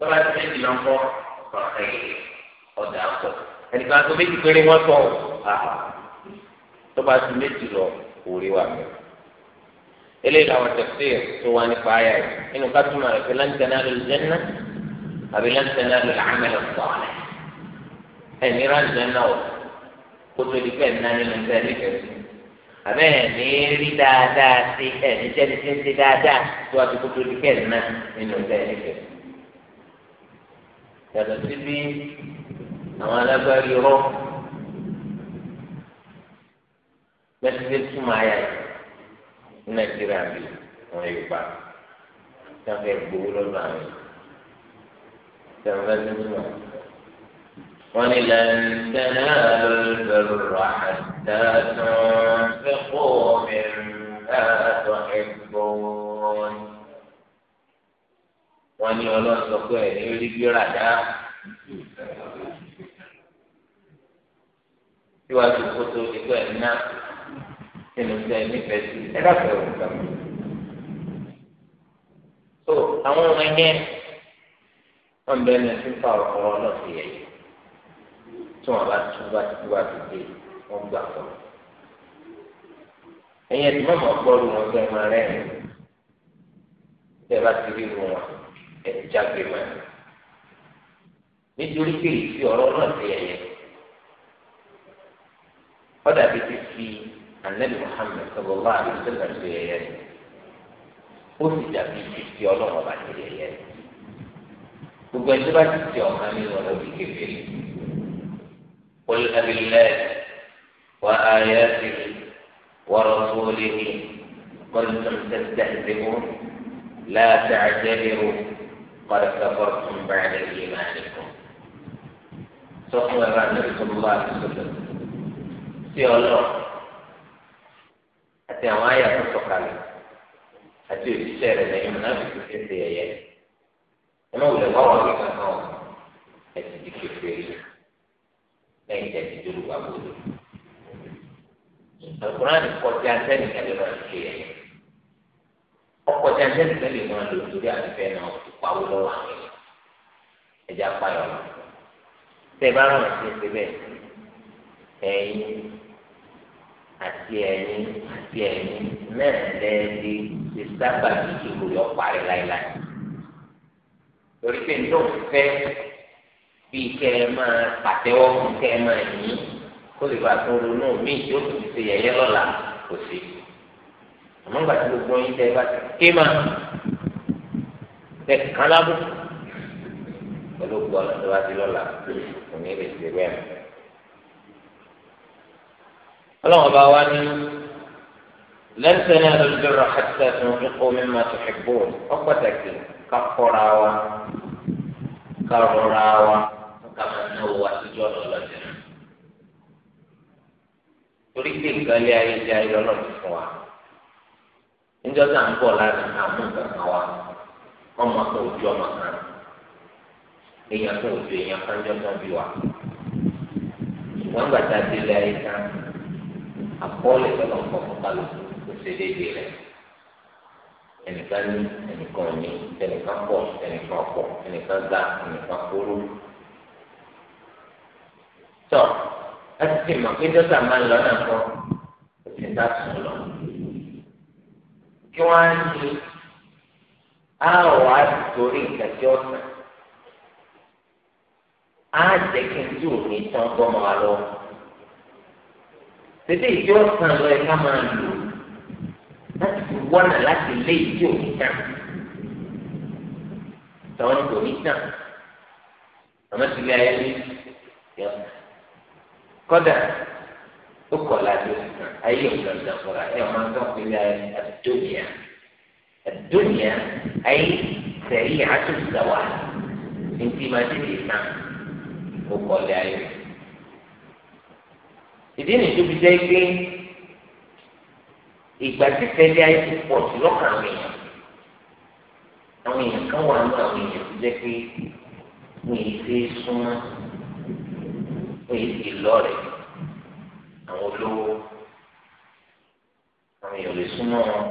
tọ́lá ti méjì lọ kọ́ pàṣẹ ọ̀dà pọ̀ ẹnìkan tó méjì péré wọ́n tọ̀ àhà tọ́ba ti méjì lọ òòrè wà mí. eléyìí làwọn tẹ̀síì tó wá nípa ayà yìí nínú kátùmọ̀ rẹ̀ pé láǹtẹ̀ náà lè lẹ́nà àbí láǹtẹ̀ náà lè àmẹ́lẹ̀ sọ̀rọ̀ ẹ̀mí ráǹtẹ̀ náà ò kótó di pẹ́ ẹ̀ náà nínú ẹ̀ nífẹ̀ẹ́ sí àbẹ ẹni rí dáadáa sí ẹni jẹni tí ń ṣe dáadáa tó a ti kó tó di kẹ́ẹ̀ ná nínú ilé ẹ̀fẹ̀. yàtọ̀ sí bí àwọn alágbárí rọ mẹsídẹ̀ẹ́ túmọ̀ ayà yìí ní nàìjíríà bí wọn yóò bá sáfẹ́ gbowó lọ́dọ̀ àwọn sáfẹ́ mímọ́ wọn ni lẹ́ńtẹ́nà lọ́lọ́rọ̀ àdá tó ń fẹ́ kó mi ń bá tó ń gbowó. wọn ní ọlọ́run sọ pé ẹ̀ ní orí bí ọ̀rà dá. síwájú kótó ikú ẹ̀ ná sínú tẹ nífẹ̀ẹ́ sí ẹ dákẹ́ òun kan. tó àwọn ọmọ ẹ̀yẹ wọn bẹ ẹni tí ń fa ọ̀rọ̀ náà sí ẹ̀ tí wọn bá tún bá ti bá ti dé wọn gbà pọ̀. ẹ̀yẹ tí mọ̀mọ́ gbọ́dọ̀ wọn fẹ́ máa rẹ́rìn-ín tẹ́ bá ti rí wọn ẹni jágbe mọ nítorí pé ìfi ọ̀rọ̀ náà ti ẹ̀yẹ ọ̀dà bíi ti fi anabi muhammed sọlọ́lá àdúgbò ti ẹ̀yẹ ni ó sì dàbí ìfi ọlọ́run ọba ti ẹ̀yẹ ni gbogbo ẹni tó bá ti ti ọ̀kan nínú ọ̀rọ̀ bíi kékeré قل أب الله وآياته ورسوله كنتم تستهزئون لا تعتذروا قد كفرتم بعد إيمانكم صلى الله عليه وسلم sí ọlọ àti àwọn àyà tó sọ̀kalẹ̀ àti òṣìṣẹ́ rẹ̀ lẹ́yìn náà fi fi ṣe ẹyẹ ẹ má wulẹ̀ wá wọn kíkan náà ẹ ti di kékeré lẹ́yìn tẹ ti dúró wà gbọ́dọ̀ ìtàkùnrin àti kọjá sẹ́nìkan lè máa ṣe ẹyẹ ọkọ̀ tí a jẹ́ nìkan lè máa lò lórí àtìfẹ́ náà ìpawó lọ́wọ́ àwọn èèyàn ẹ̀jẹ̀ apáyọ̀ lọ. tẹ́ ẹ bá rán àti ẹsẹ̀ bẹ́ẹ̀ ẹ̀yin àti ẹ̀yin àti ẹ̀yin náà lẹ́ẹ̀dí ti sábà tuntun lórí ọ̀pá rẹ̀ láéláé. torí pé nítorí òun fẹ́ bí kẹ́ ẹ máa pàtẹ́wọ́ fún ẹ máa yìn kó lè bàtún ronú míì tí ó ti ṣe yẹ̀yẹ́ lọ́la kò sí àmọ́ gbàtí gbogbo yín tẹ́ bá ti ké máa tẹ kàn lábò pẹ̀lú gbọ́ ọ̀nà tó bá ti lọ́la òní lè ṣe bẹ́ẹ̀ mọ́. ọlọ́run bá wá ní lẹ́sẹ̀nà lọ́dọ̀rọ̀ àti ẹ̀sùn kíkó mímọ́ tó fi bò ó pàtàkì ká kọ́ra wa ká rọra wa ká máa ná owó àtijọ́ lọ́lọ́dẹ̀. torí pé ìgbàlẹ̀ ayé jẹ́ ayé lọ́lọ́dún fún wa níjọ́ tá à ń bọ̀ láti àmú kankan wa ọmọ kan ojú ọmọ kan èèyàn kan ojú èèyàn kan jọ tán bí wa ṣùgbọ́n gbàtà délé ayé tán àkọọ́lẹ̀ tó lọ́n kọ́ fún kálukú kò ṣe déédéé rẹ̀ ẹnìkan ní ẹnìkan ní ẹnìkan pọ̀ ẹnìkan pọ̀ ẹnìkan ga ẹnìkan kúrú tọ́ ẹ ti ti mọ̀ pé dọ́tà máa ń lọ náà kọ́ òṣìṣẹ́ sùn lọ kí wọ́n á ní á wà á torí nǹkan tí ó sàn á jẹ́ kí n tí ò ní tán gbọ́mọ wa lọ. Tètè ìdí ọ̀sán lọ ẹ̀ka máa lò láti fi wọ́nà láti lé ìdí òní tán. Tọ́wọ́n ní kò ní tán. Àmọ́ ti lé ayé ní yọ̀sán. Kọ́dà ó kọ̀ ládé ayé òǹdàǹdà fúnra ẹ̀ máa ń tọ́kù ilé àdóníà àdóníà ayé sẹ̀rí àtúntàwà ntí máa tètè náà ó kọ̀ lé ayé. ìdí nìyí tó fi jẹ́ pé ìgbà tí tẹ̀lé ayé ti pọ̀ sí lọ́kàn àwọn èèyàn àwọn èèyàn kan wà ní àwọn èèyàn tó jẹ́ pé wọ́n yìí ṣe súnmọ́ wọ́n yìí ṣe lọ́rẹ̀ẹ́ àwọn olówó àwọn èèyàn lè súnmọ́ wọn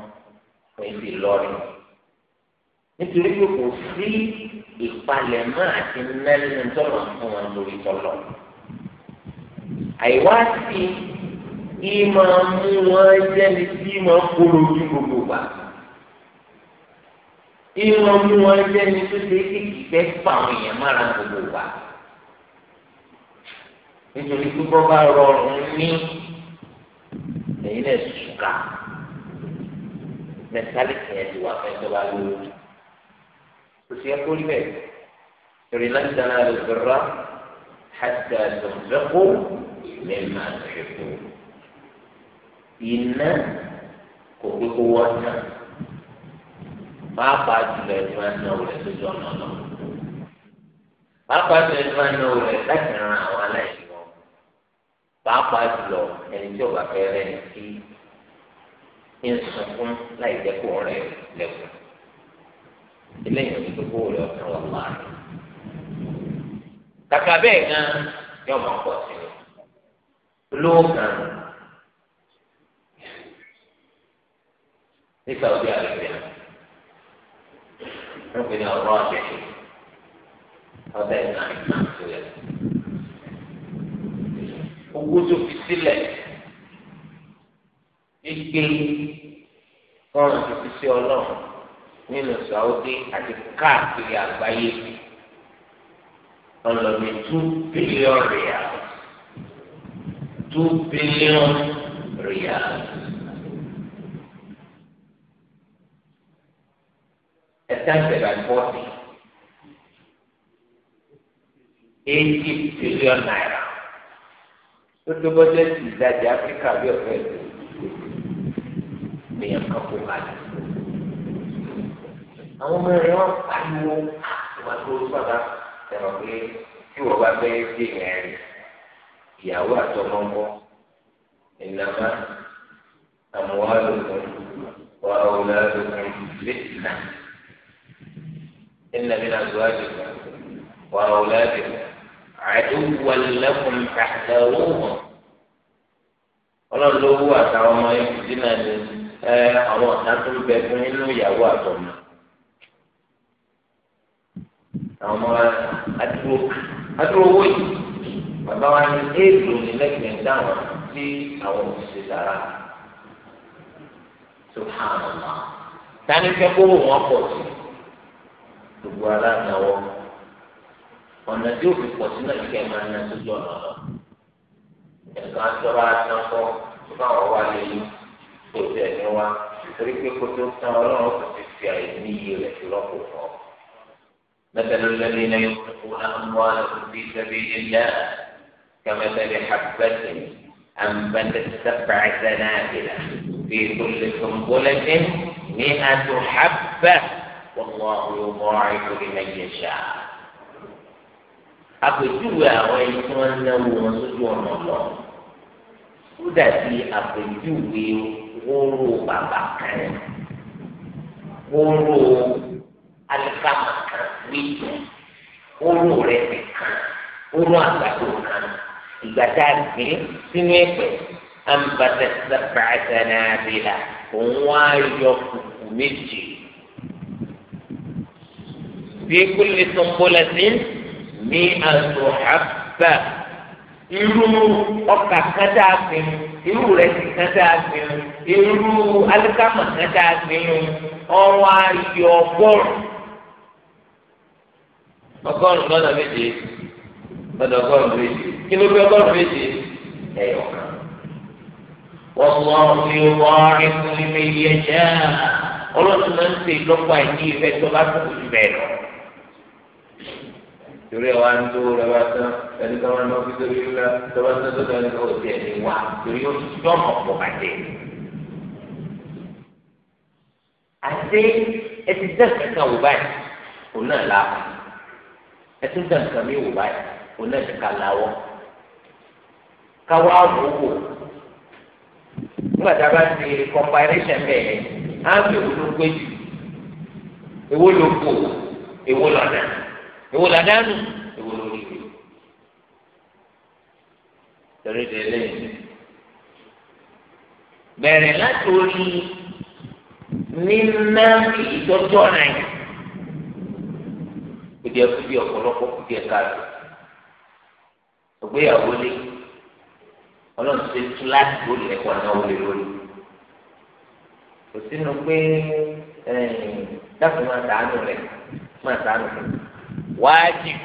fún ibi ìlọrin nítorí pé kò sí ìpalẹ̀mọ́ àti mẹ́rin tọ́lọ̀ fún wọn lórí tọ́lọ̀ àìwá sí ìmọ̀ mú wọn jẹ́ni tí ìmọ̀ kúrò ní gbogbo wa ìmọ̀ mú wọn jẹ́ni tó ṣe é kékeré fún èèyàn mára gbogbo wa. nítorí pé bọ́ bá rọrùn ní èyí lè sùkà mẹtálíkì ẹ ti wà fún ẹjọ́ bá lóyún kò sí ẹkọ rí bẹ́ẹ̀ torí láti dáná lè fẹ́ra hàtà lọ́fẹ́kọ́ mẹ́mà lọ́fẹ́kọ́ iná kò gbé kó wọ́n tán pàápàá jùlọ ẹ̀dùn ànáwó rẹ̀ lójú ọ̀nà náà pàápàá jùlọ ẹ̀dùn náà wọlé láti ran àwọn aláìsàn. pàápàá jùlọ ẹni tí ọba fẹ́ rẹ̀ ní kí ń sunkún láì jẹ́ kó rẹ̀ lẹ́kùn eléyìí ò ní gbogbo rẹ̀ ọ̀sán wà máa rẹ̀ kàkà bẹ́ẹ̀ gan yóò máa pọ̀ sí i olówó kan ní Saudi Arabia wọ́n fi ní ọ̀rọ̀ ọ̀dẹ̀ ọ̀dẹ̀ náà ní nàìjíríà owó tó fi sílẹ̀ ike kọ́ọ̀rùn ti fi sí ọlọ́run nínú Saudi àti káàkiri àgbáyé ọlọ́ni two billion riyal two billion riyal. attempted by 40, 80 billion naira tó tó bọ́jẹ́ ti ìdajì áfíríkà bí ọ̀fẹ́ ìlú èèyàn kan kó kalẹ̀. àwọn ọmọ rẹ̀ pariwo ìwádìí olùsọ̀dá tẹ̀rọ pé tí wọ́n bá bẹ́ẹ̀ dé ìrìn àárín ìyàwó àtọmọ́mọ́ ìnáwó àmúhálòkùn wà áwòlálòkùn fìtìnà ìnàmínà zọ́ọ̀dì wà áwòlálòkùn. عدوا لكم فاحذروهم ọlọ́run ló wú àtàwọn ọmọ yìí dínà ní ẹ àwọn ọ̀tá tó ń bẹ fún inú ìyàwó àtọ̀mọ́ àwọn ọmọ adúró adúró yìí bàbá wa ní éèdù ní lẹ́gbẹ̀ẹ́ dáhùn sí àwọn òṣìṣẹ́ dára tó hàn án tani fẹ́ kó wọ́n pọ̀ sí gbogbo aláǹdáwọ́. ọ̀nà tí òfin pọ̀ sínú ìkẹ́ máa ń na sójú ọ̀nà lọ. ẹ̀ka sọ̀rọ̀ àtàkọ́ tó bá wà wá lé yín tó tẹ̀ ní wá torí pé kó tó tán ọlọ́run kò ti fi àyè ní iye rẹ̀ tó lọ́kọ̀ fún ọ. مثل الذين ينفقون أموالهم في سبيل الله كمثل حبة أنبتت سبع سنابل في كل سنبلة مئة حبة والله يضاعف لمن يشاء àpèjúwe àwọn ẹni tí wọ́n náwó wọn sójú ọ̀nà lọ ó dàbí àpèjúwe wóró bàbà kan wóró alikama kan wíjọ wóró rẹ kan wóró àgbàdo kan ìgbà tá a gbé sínú ẹ̀pẹ̀ àǹbàtà sàbàtà náà bìlà òun wá yọ kùkù méje. في كل سنبلة ní àtò àbá irú ọkà kan tá a gbìn irú rẹsì kan tá a gbìn irú alikama kan tá a gbìn ọrùn ayé ọgọ́rùn ọgọ́rùn lọ́nà méje lọ́nà ọgọ́rùn méje kí ló fi ọgọ́rùn méje ẹyọ kan wọ́n mú ọrùn yìí fún mi yẹ jẹ́ ọlọ́run náà ń ṣe ìlọ́pàá ìdí ìfẹ́ tó bá tó kù jù bẹ́ẹ̀ lọ torí ẹwà ń tó rẹ wá tán ẹni tó wà ní ọfíìsì orí ńlá tó wà tó tó ẹni tó tẹ ẹni wá torí ó ti tó ọmọ pọ bàjẹ́. àti ẹ ti dán kankan wò báyìí òun náà la ẹ ti dán kankan mi wò báyìí òun náà ti ka lawọ káwá wò wò bá ti comparison bẹ́ẹ̀ á fi òun ló gbé jù èwo ló kó èwo lọ èwo là dánù èwo lórí rè torí láti orí nínà ìtọ́jọ́ rẹ̀ kùdìẹ̀ kùdìẹ̀ ọ̀pọ̀lọpọ̀ kùdìẹ̀ káàdì ògbéyàwó lé ọlọ́run ṣe tú láti lórí ẹ̀kọ́ náà wọlé lórí kò sínú pé dákùn máa dàánù rẹ̀ máa rẹ̀. wájib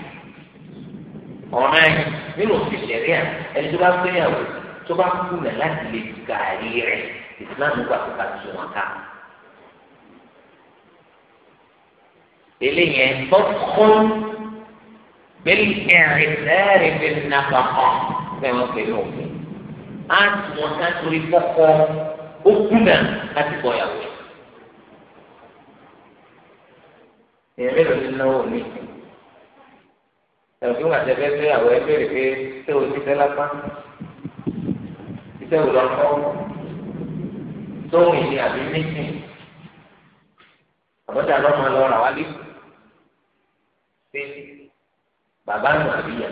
ọ̀ràn yìí nínú òfin ṣẹ̀ríà ẹni tó bá gbéyàwó tó bá kùnà láti lè gàrí rẹ̀ ìsìláàmù gbà kó kà tó wọn ká. eléyẹn tọ́kọ́ pẹ̀lú ẹ̀rín lẹ́rìn bí nàkàkọ́ bẹ́ẹ̀ wọ́n pè ní á tún wọn ká torí kọ́kọ́ ó kùnà láti bọ̀ yàwó. èèyàn mélòó ni náwó ní ìsìn? ẹ̀rọ̀kí wọn àtẹ̀fẹ́ fẹ́ àwọ̀ ẹ bèrè pé ṣé o ti fẹ́ lápá iṣẹ́ wò lọ kọ́ sóhun ìní àbí méjì àbọ̀dà lọ́mọ lọ rà wálé pé bàbá nù àbí yà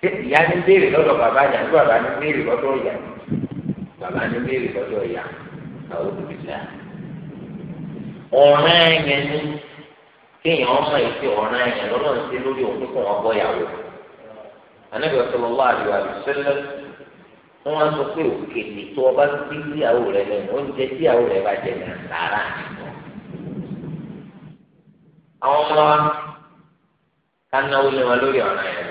ṣé ìyá ní béèrè lọ́dọ̀ bàbá yà ní bàbá ní béèrè lọ́dọ̀ yà bàbá ní béèrè lọ́dọ̀ yà àwọn olùdíjà ọ̀rẹ́ yẹn ní. kéèyàn ọmọ ìfi ọ̀ràn ẹ̀yàn lọ́nà ṣe lórí òun kíkún ọgbọ́ ìyàwó Ànábì sallallahu alaihi wasallam wọn wá sọ pé òkèlè tó ọba tí ìyàwó rẹ oúnjẹ tí rẹ bá jẹ náà àwọn ọmọ wa wọn lórí ọ̀ràn ẹ̀yàn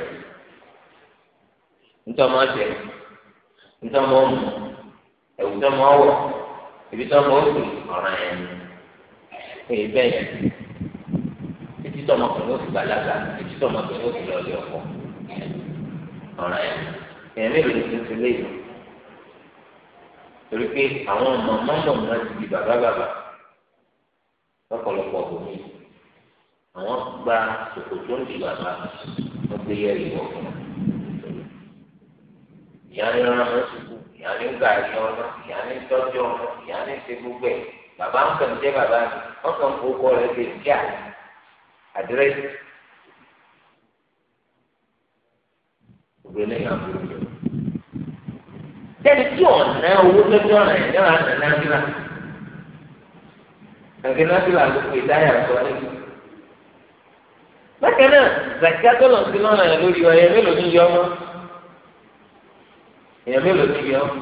ntọ́mọ ntọ́mọ ẹ̀wù tọ́mọ ibi tọ́mọ ọ̀ràn ẹ̀yàn èyí bẹ́ẹ̀ tọmọkùnrin ó fi bàlágà títí tọmọkùnrin ó fi lọlé ọkọ ọ̀ràn ẹ̀ èèyàn mélòó ni tuntun lé yìí torí pé àwọn ọmọ mọ́mọ́ ti di bàbá bàbá lọ́pọ̀lọpọ̀ òní àwọn gba òkò tó ń di bàbá wọ́n gbé yẹ ìwọ̀ fún un ìyá ni ọ̀nà wọn sùkú ìyá ni gba ẹ̀yọ ọ̀nà ìyá ni tọ́jú ọ̀nà ìyá ni ṣe gbogbo ẹ̀ bàbá ń kàn jẹ́ bàbá mi wọ́n rẹ̀ ṣe kíá àdírẹ́sì gbogbo eléyìí àbúrò yẹn tẹ́lẹ̀ tí ọ̀nà owó tẹ́lẹ̀ ọ̀nà yẹn náà nà nàbílà nàbí nàbílà ló pè dáyà sọ ní. bákan náà zakia tó lọ sí lọ́nà yẹn lórí ọ̀yẹ́ mélòó ní yọ ọmọ èèyàn mélòó ní yọ ọmọ.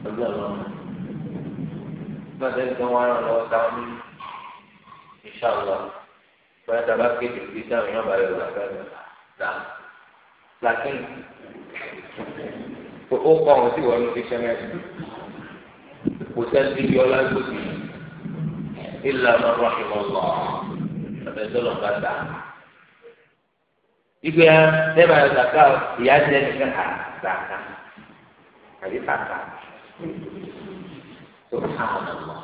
Gbàdúrà lọ́wọ́ gbàdúrà lọ́wọ́ sáwọn mímú ìṣàlọ́ bóyá tá a bá kéde ìdí sáwọn èèyàn bá yọ ìgbàgbọ́ ẹ̀ dà lakin ó kọ́ ọ̀hún sí wọnú dictionary kò sẹ́ńtì bí ọlá gbòdì ilà ọmọ rọ́ọ̀kìmọ̀ lọ ọ̀bẹ̀sọ̀lọ̀ bá dà igbe ya n'ebe ayọ zaka ìyá jẹ nìkan ha zaka àbí kàkà tó hàn án lọ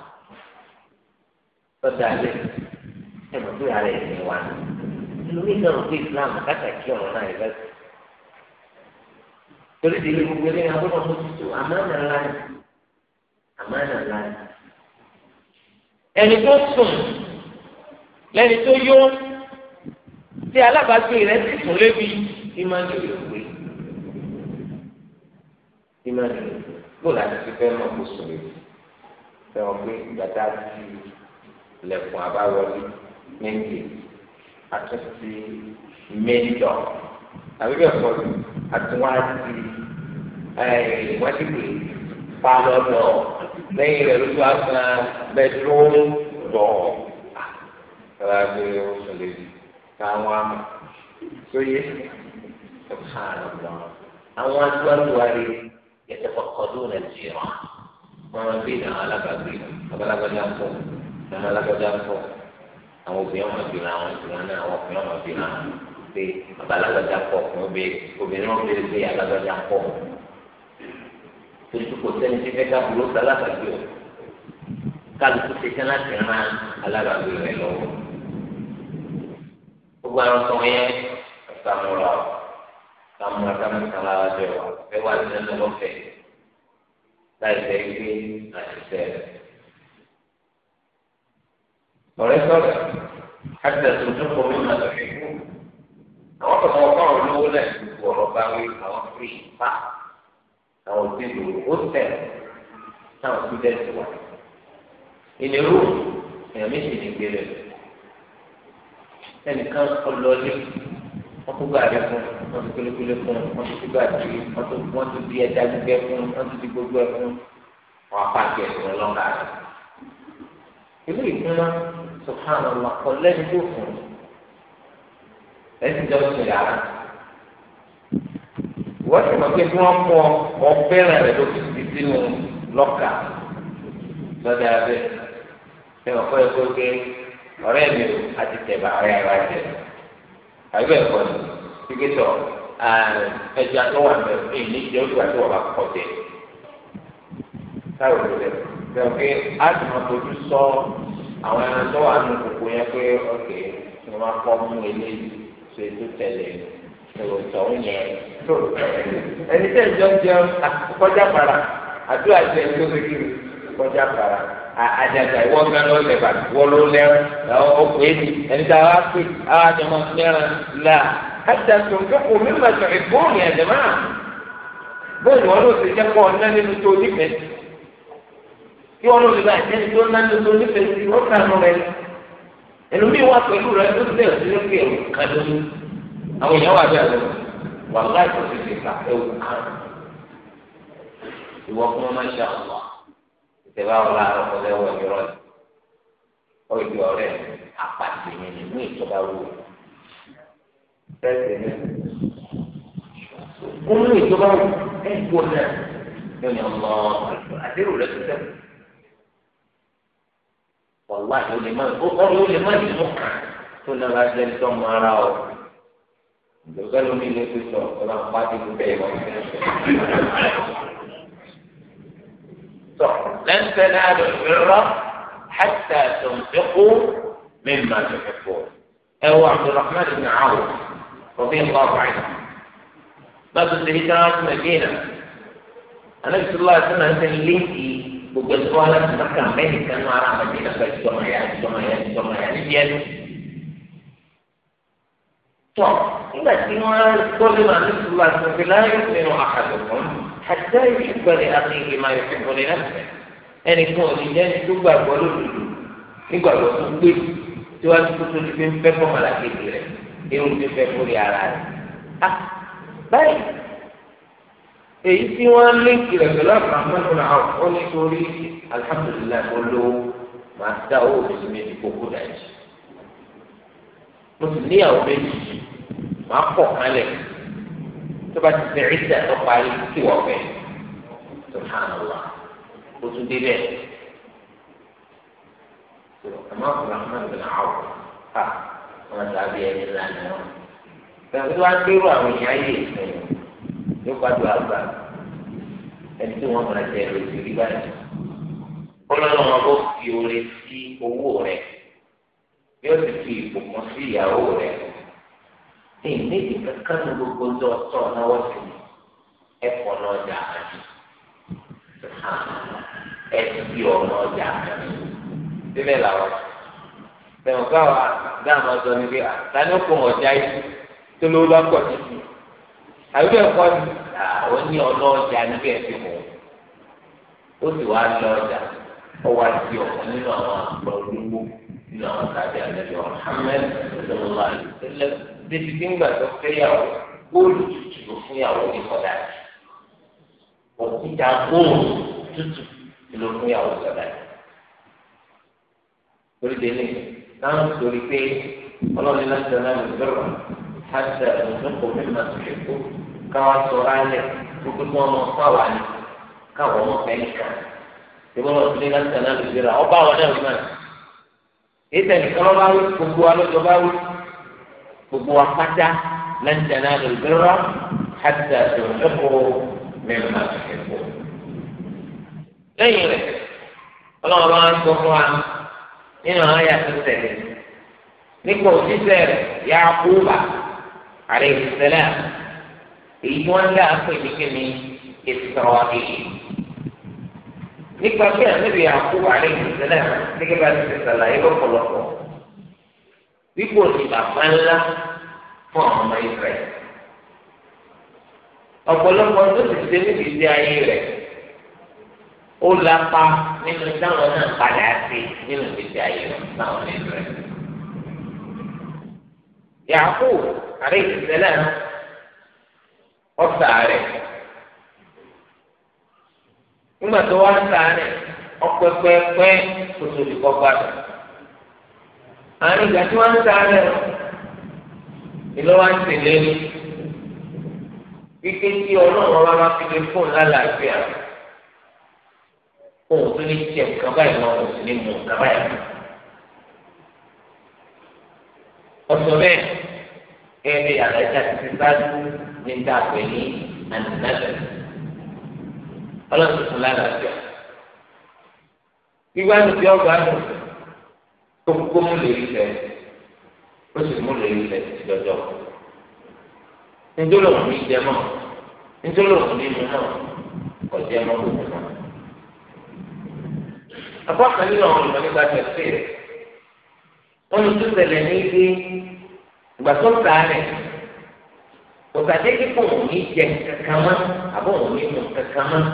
sọdọ àlẹ ẹ mọ̀ pé ara ẹ̀ ní wa lórí náà ń pè Islam kátàkì ọ̀rọ̀ náà ẹ̀ bẹ́sẹ̀ torí ti ilé gbogbo eléyà gbọ́dọ̀ mójútó àmàna ńlá ni àmàna ńlá ni ẹni tó sùn lẹni tó yó tí alábàágbé rẹ̀ ti sùn lébi ìmáàlú rẹ̀ gbé ìmáàlú rẹ̀ gbọ́dọ̀ láti fi fẹ́ mọ̀ kó sùn lébi fẹ́ wọn pé gbàtà sí ilẹ̀kùn àbáwọlé méjì àti ti méjọ àbí bẹ́ẹ̀ kọ́ àti wọ́n á ti wọ́n ti pè pálọ̀ lọ lẹ́yìn rẹ̀ ló tó a san bẹ́ẹ̀dúrún lọ. Ẹ̀rọ abẹ́ oṣù lè di káwọn àmọ̀ sóyè ẹ̀ka lọ. Àwọn adúláwọ̀ rẹ̀ yẹtẹ̀ kọ̀kọ́dù Nàìjíríà. Wọ́n máa ń bí ìdáhùn alábàgbé, abalágbádá ń bọ̀, ìdáhùn alábàgbádá àwọn obìnrin ọmọ ìbìlà àwọn ìbìlà náà àwọn ọkùnrin ọmọ ìbìlà pé abalagbada pọ̀ fún obìnrin náà béèrè pé abalagbada pọ̀ tuntun kò sẹ́ni tí fẹ́ ká burú sálábàgbé o kálukú ṣe tán láti ran alábàgbé rẹ̀ lọ́wọ́ gbogbo àwọn tó ń yẹ kàmúra kàmúra kàmúra jẹ wa ẹ wà ní ẹnu lọ́fẹ̀ẹ́ láì fẹ́ gbé àti sẹ́ẹ̀ ọ̀rẹ́ sọ̀rọ̀. حتى تنفقوا مما تحبون àwọn kan sọ fún àwọn olówó náà gbogbo ọ̀rọ̀ bá wí àwọn fi fa àwọn òbí lò ó tẹ̀ táwọn fi dẹ́sí wa ìnirú èèyàn méjì ní gbére ẹnìkan ọlọ́ọ̀lẹ́ wọ́n kó gbàdé fún wọ́n ti pélékélé fún wọ́n ti gbàdé wọ́n ti wọ́n ti di ẹja gbígbẹ́ fún wọ́n ti di gbogbo ẹ̀ fún wọ́n apá àti ẹ̀sìn ọlọ́ka rẹ̀ ìlú ìkúnná subhana allah kọ lẹ́ni tó fún un ẹ̀sìn jọ ṣe yàrá wọ́n ti mọ̀ pé kí wọ́n mọ ọ̀fẹ́ràn rẹ̀ ló fi ti sínú lọ́kà lọ́dẹ abẹ́ ṣé wọ́n kọ́ ẹ kó gé ọ̀rẹ́ mi ò àti tẹ̀bà ọ̀rẹ́ ara jẹ àbẹ̀ ẹ̀kọ́ ni kíkẹ́ tọ̀ ẹja tó wà mẹ́ èyí ní ìjọ ìgbà tó wà bá kọ̀ tẹ̀ táwọn ò lè bẹ̀rù pé a ti mọ̀ tó ojú sọ àwọn ẹran tó wà nù kókó yẹn pé ọkè ni wọn kọ mú eléyìí ṣe tó tẹlẹ èrò ìtọ̀hún yẹn tó ẹni tẹ́ ìjọ ń jẹun kọjá para àdúrà jẹ tó ṣe kiri kọjá para àjàjà ìwọ gan ló lẹ bàtí wọ ló lẹrun ọkọ èdè ẹni tá a wá pè àwọn àjọmọ lẹrun là àjà tó ń kẹ́kọ̀ọ́ mímọ̀ tó ìgbóhùn yẹn dẹ̀ máa bóyá wọn ló ti jẹ́ kọ́ ọ kí wọn lórí bá ẹni tó ná ní tó nífẹ̀ẹ́ sí wọn kàn án rẹ ẹlòmíín wà pẹ̀lú rẹ tó ti bẹ̀rẹ̀ sí ní pé ẹ̀wù kan ló ní àwọn èèyàn wà bẹ́ẹ̀ lọ́wọ́ wà láì tó ti fi gbà ẹ̀wù kan ìwọ fún ọmọ ṣe àwọn ìtẹ̀wá ọ̀la ọ̀pọ̀lọpọ̀ ìrọ̀ ọ̀dù ọ̀rẹ́ àpàtì mi ní ní ìjọba wúwo fẹ́ẹ̀sì mi ó mú ìjọba wúwo ẹ̀ gbọ́dọ̀ ní ọmọ àdéhùn rẹ̀ tó sẹ́kù. والله ló lè má ọ̀rọ̀ ló lè má dìbò kàn tó nàrà jẹ́ ní tọ́mọ ara o ìjọba لن تنالوا البر حتى تنفقوا مما تحبون. هو عبد الرحمن بن عوف رضي الله عنه. بس تنتهي تنالوا المدينه. النبي صلى الله عليه وسلم لينكي gbogbo ẹ̀sọ́ wa láti maka mẹ́rin kanú ara àmàdé nàfẹ́ ìjọmọ̀yà ìjọmọ̀yà ìjọmọ̀yà níbi ẹnu. tọ́ nígbà tí wọ́n tọ́lé màá ní sùúrù àti òfin láyé nínú àkàtọ̀ fún àti ẹ̀yìn ìgbàlẹ̀ àti ìgbìmọ̀ ìfẹ́ ìgbọ̀lẹ̀ lẹ́fẹ̀ẹ́ ẹnì kan ò ní jẹ́ tó gbàgbọ́ lódodo nígbàgbọ́ tó gbé tí wọ́n ti kótó ní pé ń fẹ́ fọ́mọ̀lá èyí tí wọ́n léèkì rẹ̀ pẹ̀lú àbúrò náà ó ní torí alihamudulilayi olówó máa dá owó òbí méjì kókó dájú mo sì níyàwó méjì máa pọ̀ kálẹ̀ tó bá ti fẹ́ ìdá tó parí tí wọ́n fẹ́ subhanallah ó tún dé bẹ́ẹ̀ àmọ́ àbúrò náà bẹ̀rẹ̀ àwọ̀ ha wọ́n dàbí ẹni lánàá bẹ́ẹ̀ tó wá gbérò àwọn ìyá yìí fẹ́ yóò gbàdúrà àgbà ẹni tí wọ́n máa jẹ lòdì rí báyìí kọlọ́nà wọn bó fi oore sí owó rẹ̀ yóò sì fi ìbùkún sí ìyàwó rẹ̀ ní ìmíjì kankan ní gbogbo ọjọ́ ọ̀tọ̀ náwó sí ẹ̀kọ́ náà jà àjù ẹ̀sì ọ̀nà ọjà àjù síbẹ̀ làwọn tẹ̀wọ̀n káwa dáhùn ọjọ́ níbi àtàlẹ́kùn ọjà yìí tó ló bá pọ̀ títì àbí ẹ̀kọ́ ni ó ní ọlọ́ọ̀jà níbi ẹ̀sìn mọ́ ó sì wá lọ ọjà ó wá sí ọ̀kan nínú àwọn àgbà olówó nínú àwọn tàbí àlejò Muhammad sallallahu alaihi wasallam débi tí ń gbà tó fẹ́yàwó góòlù tútù fún yàwó ní kọ́dà òkúta góòlù tútù ló fún yàwó kọ́dà torí délé táwọn torí pé ọlọ́ọ̀ni láti sọ náà àti àtúntò mi máa ti fi kú káwá sọ̀rọ̀ alẹ̀ gbogbo tí wọ́n mọ fáwa ni káwọ́ mọ fẹ́ẹ́ nìkan ìwọ lọ sí nígbà tí àná lè fi ra ọba àwọn náà wí náà ètò ẹnìkan lọ́ba wí gbogbo alọ́jọ́ bá wí gbogbo apáta lẹ́ńtẹ̀ náà lè fi ra alayhi salam èyí wọ́n dá pè ní kíni Isra'il nípa pé ànábì Yaqub alayhi salam gẹ́gẹ́ bá ti sàlàyé lọ́pọ̀lọpọ̀ wípò ní bàbá ńlá fún àwọn ọmọ Israẹli ọ̀pọ̀lọpọ̀ tó ti ṣe níbi ìdí ayé rẹ̀ ó lapa nínú táwọn náà padà sí nínú ìdí ayé rẹ̀ táwọn ọmọ Israẹli Yaqub. عليه السلام وسع عليه ثم توسع عليه ọpẹpẹpẹ kòtòlì kọgbàdà àárín ìgbà tí wọn ń ta rẹ ìlú wa ń tẹlé ní kíké tí ọlọ́run wa máa fi lè fóun lálàáfíà òun tó ní tiẹ̀ nǹkan báyìí wọn kò sì ní mú nǹkan báyìí ọ̀sọ̀ ẹni àlàyé àti sísáájú ní dàgbé ní ànínàbẹ ọlọ́run tuntun lára jọ gbígbá nùbí ọgbà nù gbogbo mú lè rí fẹ ó sì mú lè rí fẹ títí dọjọ́ nítorí òun ní jẹ mọ nítorí òun ní mu náà kò jẹ mọ gbogbo náà apá kan nínú àwọn olùmọ̀ nípa tẹ̀síì wọn ní tó tẹ̀lé ní ibi ìgbà tó ń ta rẹ̀ òtàdéjì kò ní jẹ kankan mọ́ àbọ̀ òun ní mọ̀ kankan mọ́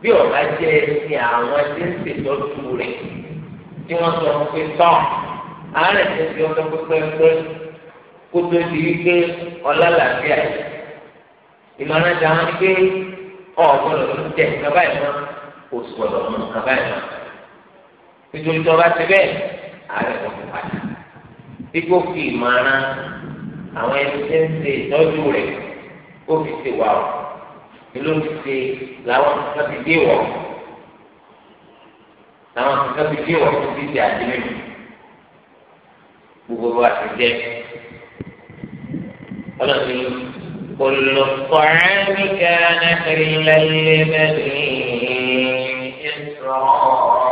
bí ọ̀gá jẹ́ ti àwọn tí ń ṣètọ́jú rẹ̀ tí wọ́n sọ wọn pé tọ́ àárẹ̀ tó fi ọjọ́ pẹ́pẹ́pẹ́ kó tó di wípé ọ̀la làbíà ìmọ̀ràn jà wọn pé ọ̀gbọ́dọ̀ ló ń jẹ nǹkan báyìí mọ́ oṣù gbọ́dọ̀ mọ́ nǹkan báyìí mọ́ nítorí ti bẹ́ẹ̀ àárẹ̀ tó fi padà dípò fi ìmọ̀ràn àwọn ẹni tí ń ṣe ìtọ́jú rẹ̀ kó fi ṣe wà ó ló ń ṣe làwọn kan ti dé wọ̀ làwọn kan ti dé wọ̀ tó ti ṣe àdínlẹ̀ gbogbo àti jẹ́ ọlọ́run كل الطعام كان حلا لبني إسرائيل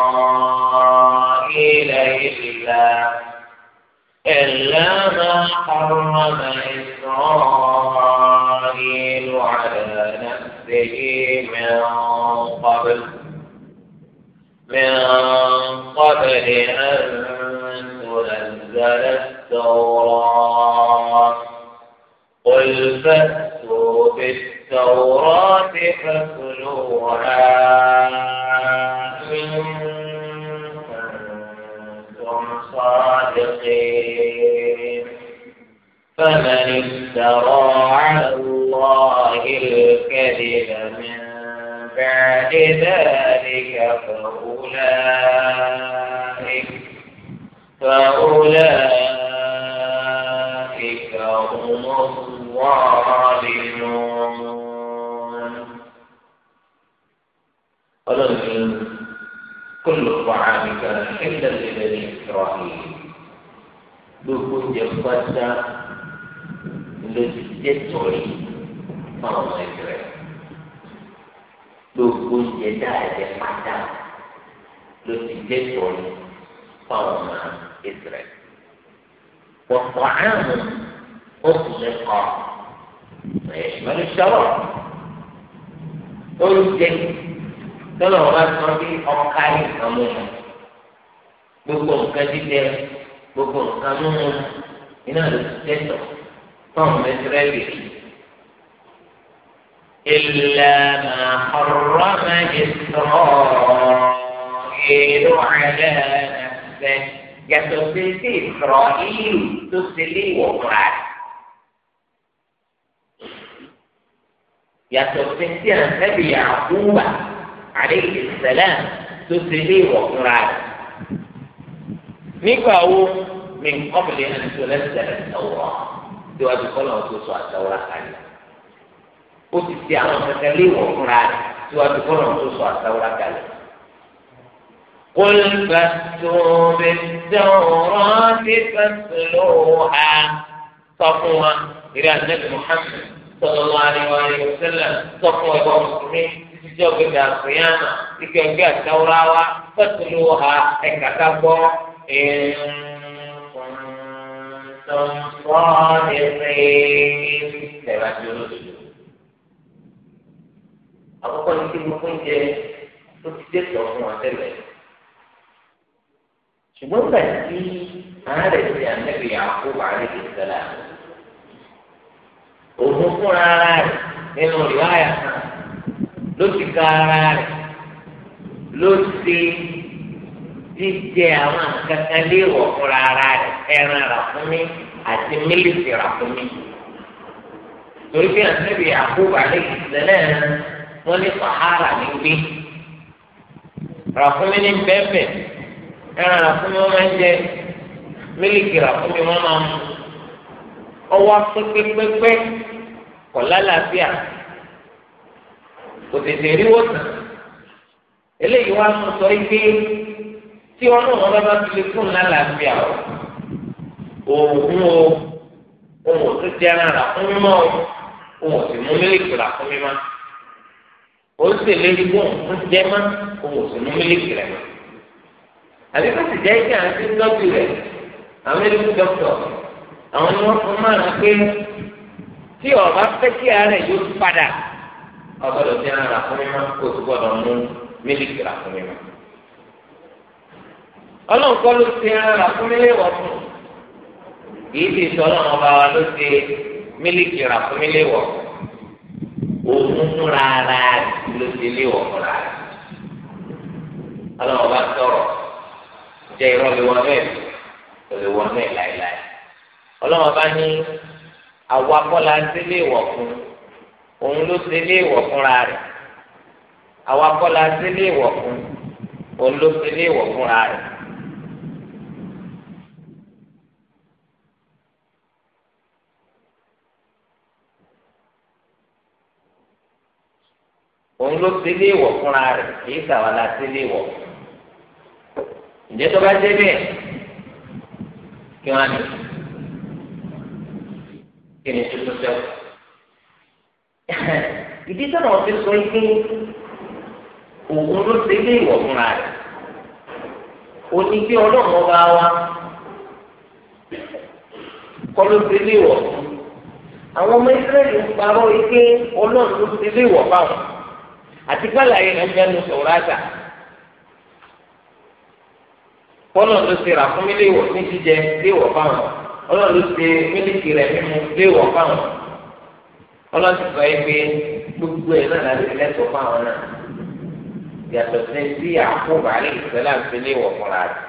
إلا ما حرم إسرائيل على نفسه من قبل من قبل أن تنزل التوراة قل فأتوا بالتوراة فاتلوها إن كنتم صادقين فمن افترى على الله الكذب من بعد ذلك فأولئك فأولئك هم الظالمون ولكن كل الطعام كان حلا لبني إسرائيل دخول جفتها lójú jẹ́ tọ̀rí fáwọn ọmọ ẹgbẹ́ rẹ̀ gbogbo oúnjẹ dáadẹ́ pátá lójú jẹ́ tọ̀rí fáwọn ọmọ ẹgbẹ́ rẹ̀ pọ̀pọ̀ àrùn ó sì lè kọ́ ẹ̀ẹ́dẹ́gbẹ́ni sọ̀rọ̀ oúnjẹ tọ́lọ̀ wọn bá sọ bí ọ̀ka nìkan mú gbogbo nǹkan jíjẹ gbogbo nǹkan mú iná ló ti jẹ́ tọ̀rí. فهم رابحين إلا ما حرم إسرائيل على نفسه يتصل في إسرائيل تصل وقرا يتصل في النبي يعقوب عليه السلام تصل وقرا نقاو من قبل أن تنزل التوراة síwájú kọ́lọ̀ tó sọ àtàwọ̀rá kalẹ̀ ó ti ti àwọn kankan léwọ̀ fúnra rẹ̀ síwájú kọ́lọ̀ tó sọ àtàwọ̀rá kalẹ̀. قل فاتوا بالتوراة فاتلوها صفوة إلى النبي محمد صلى الله عليه وآله وسلم صفوة ومسلمين تجوا إلى القيامة لكي يجي التوراة فاتلوها إن كتبوا إن صادقين كما جلوس àkọ́kọ́ ní kí gbogbo oúnjẹ tó ti dé tọ̀ fún wa tẹ́lẹ̀ ṣùgbọ́n gbà tí àárẹ̀ ti ànẹ́bí àkóbá rẹ̀ ti ṣẹlẹ̀ òun fúnra ara jíjẹ àwọn kankan léèwọ̀ fúnra ara rẹ̀ ẹran ràkúnmí àti mílíkì ràkúnmí. torí bí àtúnbí àkókò àlékì tẹ́lẹ̀ wọ́n ní sàhárà ní gbé. ràkúnmí ní bẹ́ẹ̀bẹ̀ ẹran ràkúnmí wọ́n máa ń jẹ mílíkì ràkúnmí wọ́n máa ń mu. ọwọ́ pépépépé kọ̀ lálàáfíà kò tètè rí wọ́n tàn. eléyìí wá mú sọ ike tí ọlọ́run bá bá fi lè fún lálàáfíà o òògùn o òun ò tún jẹ́ ara fún mímọ́ o òun ò sì mú mílíkì rà fún mímọ́ o ń tẹ̀lé igbó òun jẹ́ mọ́ òun ò sì mú mílíkì rẹ̀ mọ́ àbí bá sì jẹ́ kí à ń tọ́jú rẹ̀ àwọn eléwu dọ́kítọ̀ àwọn ni wọ́n fún márùn-ún pé tí ọba fẹ́ kí ara yóò padà ọgbọ́dọ̀ jẹ́ ara fún mímọ́ kó o ti gbọ́dọ̀ mú mílíkì rà fún mímọ́ ọlọ́run kọ́ ló ṣe ẹran ràkúnmílẹ̀ wọ̀ fún kì í ṣe ọlọ́run ọba wa ló ṣe mílíkì ràkúnmílẹ̀ wọ̀ òun múra ara ló ṣe lé wọ̀ múra rẹ̀ ọlọ́run ọba sọ̀rọ̀ jẹ́ irọ́ lè wọnú ẹ̀ kò lè wọnú ẹ̀ láéláé ọlọ́run ọba ní àwa kọ́la ṣe lé wọ̀ fún òun ló ṣe lé wọ̀ fúnra rẹ̀ ṣe lé wọ̀ ló ṣe lé wọ̀ òun ló ti lé ìwọ̀ fúnra rẹ̀ kìí sàwọn la ti lé ìwọ̀ ǹjẹ́ tó bá dé bẹ́ẹ̀ kí wọ́n á ní kí ni tuntun sẹ́wọ̀ ìdí sọ̀rọ̀ ti sọ pé òun ló ti lé ìwọ̀ fúnra rẹ̀ òní bí ọlọ́run bá wá kọ́ ló ti lé fún àwọn ọmọ ìsírẹ́lì ń parọ́ ike ọlọ́run ló ti lé fáwọn àti kálàyé rẹ̀ mẹ́nu sòwúrátà kọ́nà ló ṣe rà fún mi léèwọ̀ ní jíjẹ léèwọ̀ fáwọn ọlọ́run ló ṣe mílíkì rẹ̀ mímu léèwọ̀ fáwọn ọlọ́run ti sọ yìí pé gbogbo ẹ̀ náà láti lẹ́tọ̀ fáwọn náà yàtọ̀ sí sí àkóbá rẹ̀ ìṣẹ̀lá fúnra rẹ̀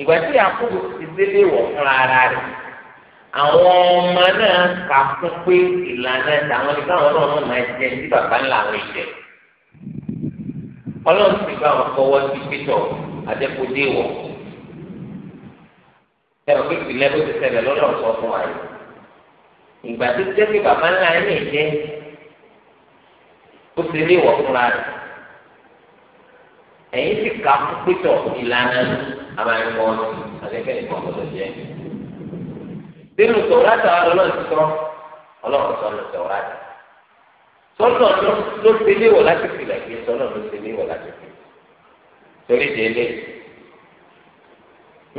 ìgbà tí àkóbá ti fúnra rẹ̀ àwọn ọmọ náà kà fún pé ìlànà táwọn ní káwọn náà wọn máa jẹ ní bàbá ńlá àwọn ìjẹ ọlọ́run sì bá wọn fọwọ́ sí pétọ̀ àdẹ́kọ̀dé wọ̀ ẹ̀rọ pé ìpìlẹ̀ bó ti ṣẹlẹ̀ lọ́dọ̀ sọ fún wa yìí ìgbà tó jẹ́ pé bàbá ńlá ẹ̀ ní jẹ́ ó ti rí ìwọ̀ fúnra rẹ̀ ẹ̀yìn sì kà fún pétọ̀ ìlànà àmàlùmọ́ọ̀nù àdẹ́kẹ́ nìkan ọ̀dọ̀ nínú tòwúrátà ọlọ́run ti sọ ọlọ́run sọ ní tòwúrátà sọ́nà ló ti léwọ̀ láti filẹ̀ kí sọ́nà ló ti léwọ̀ láti filẹ̀ torí délé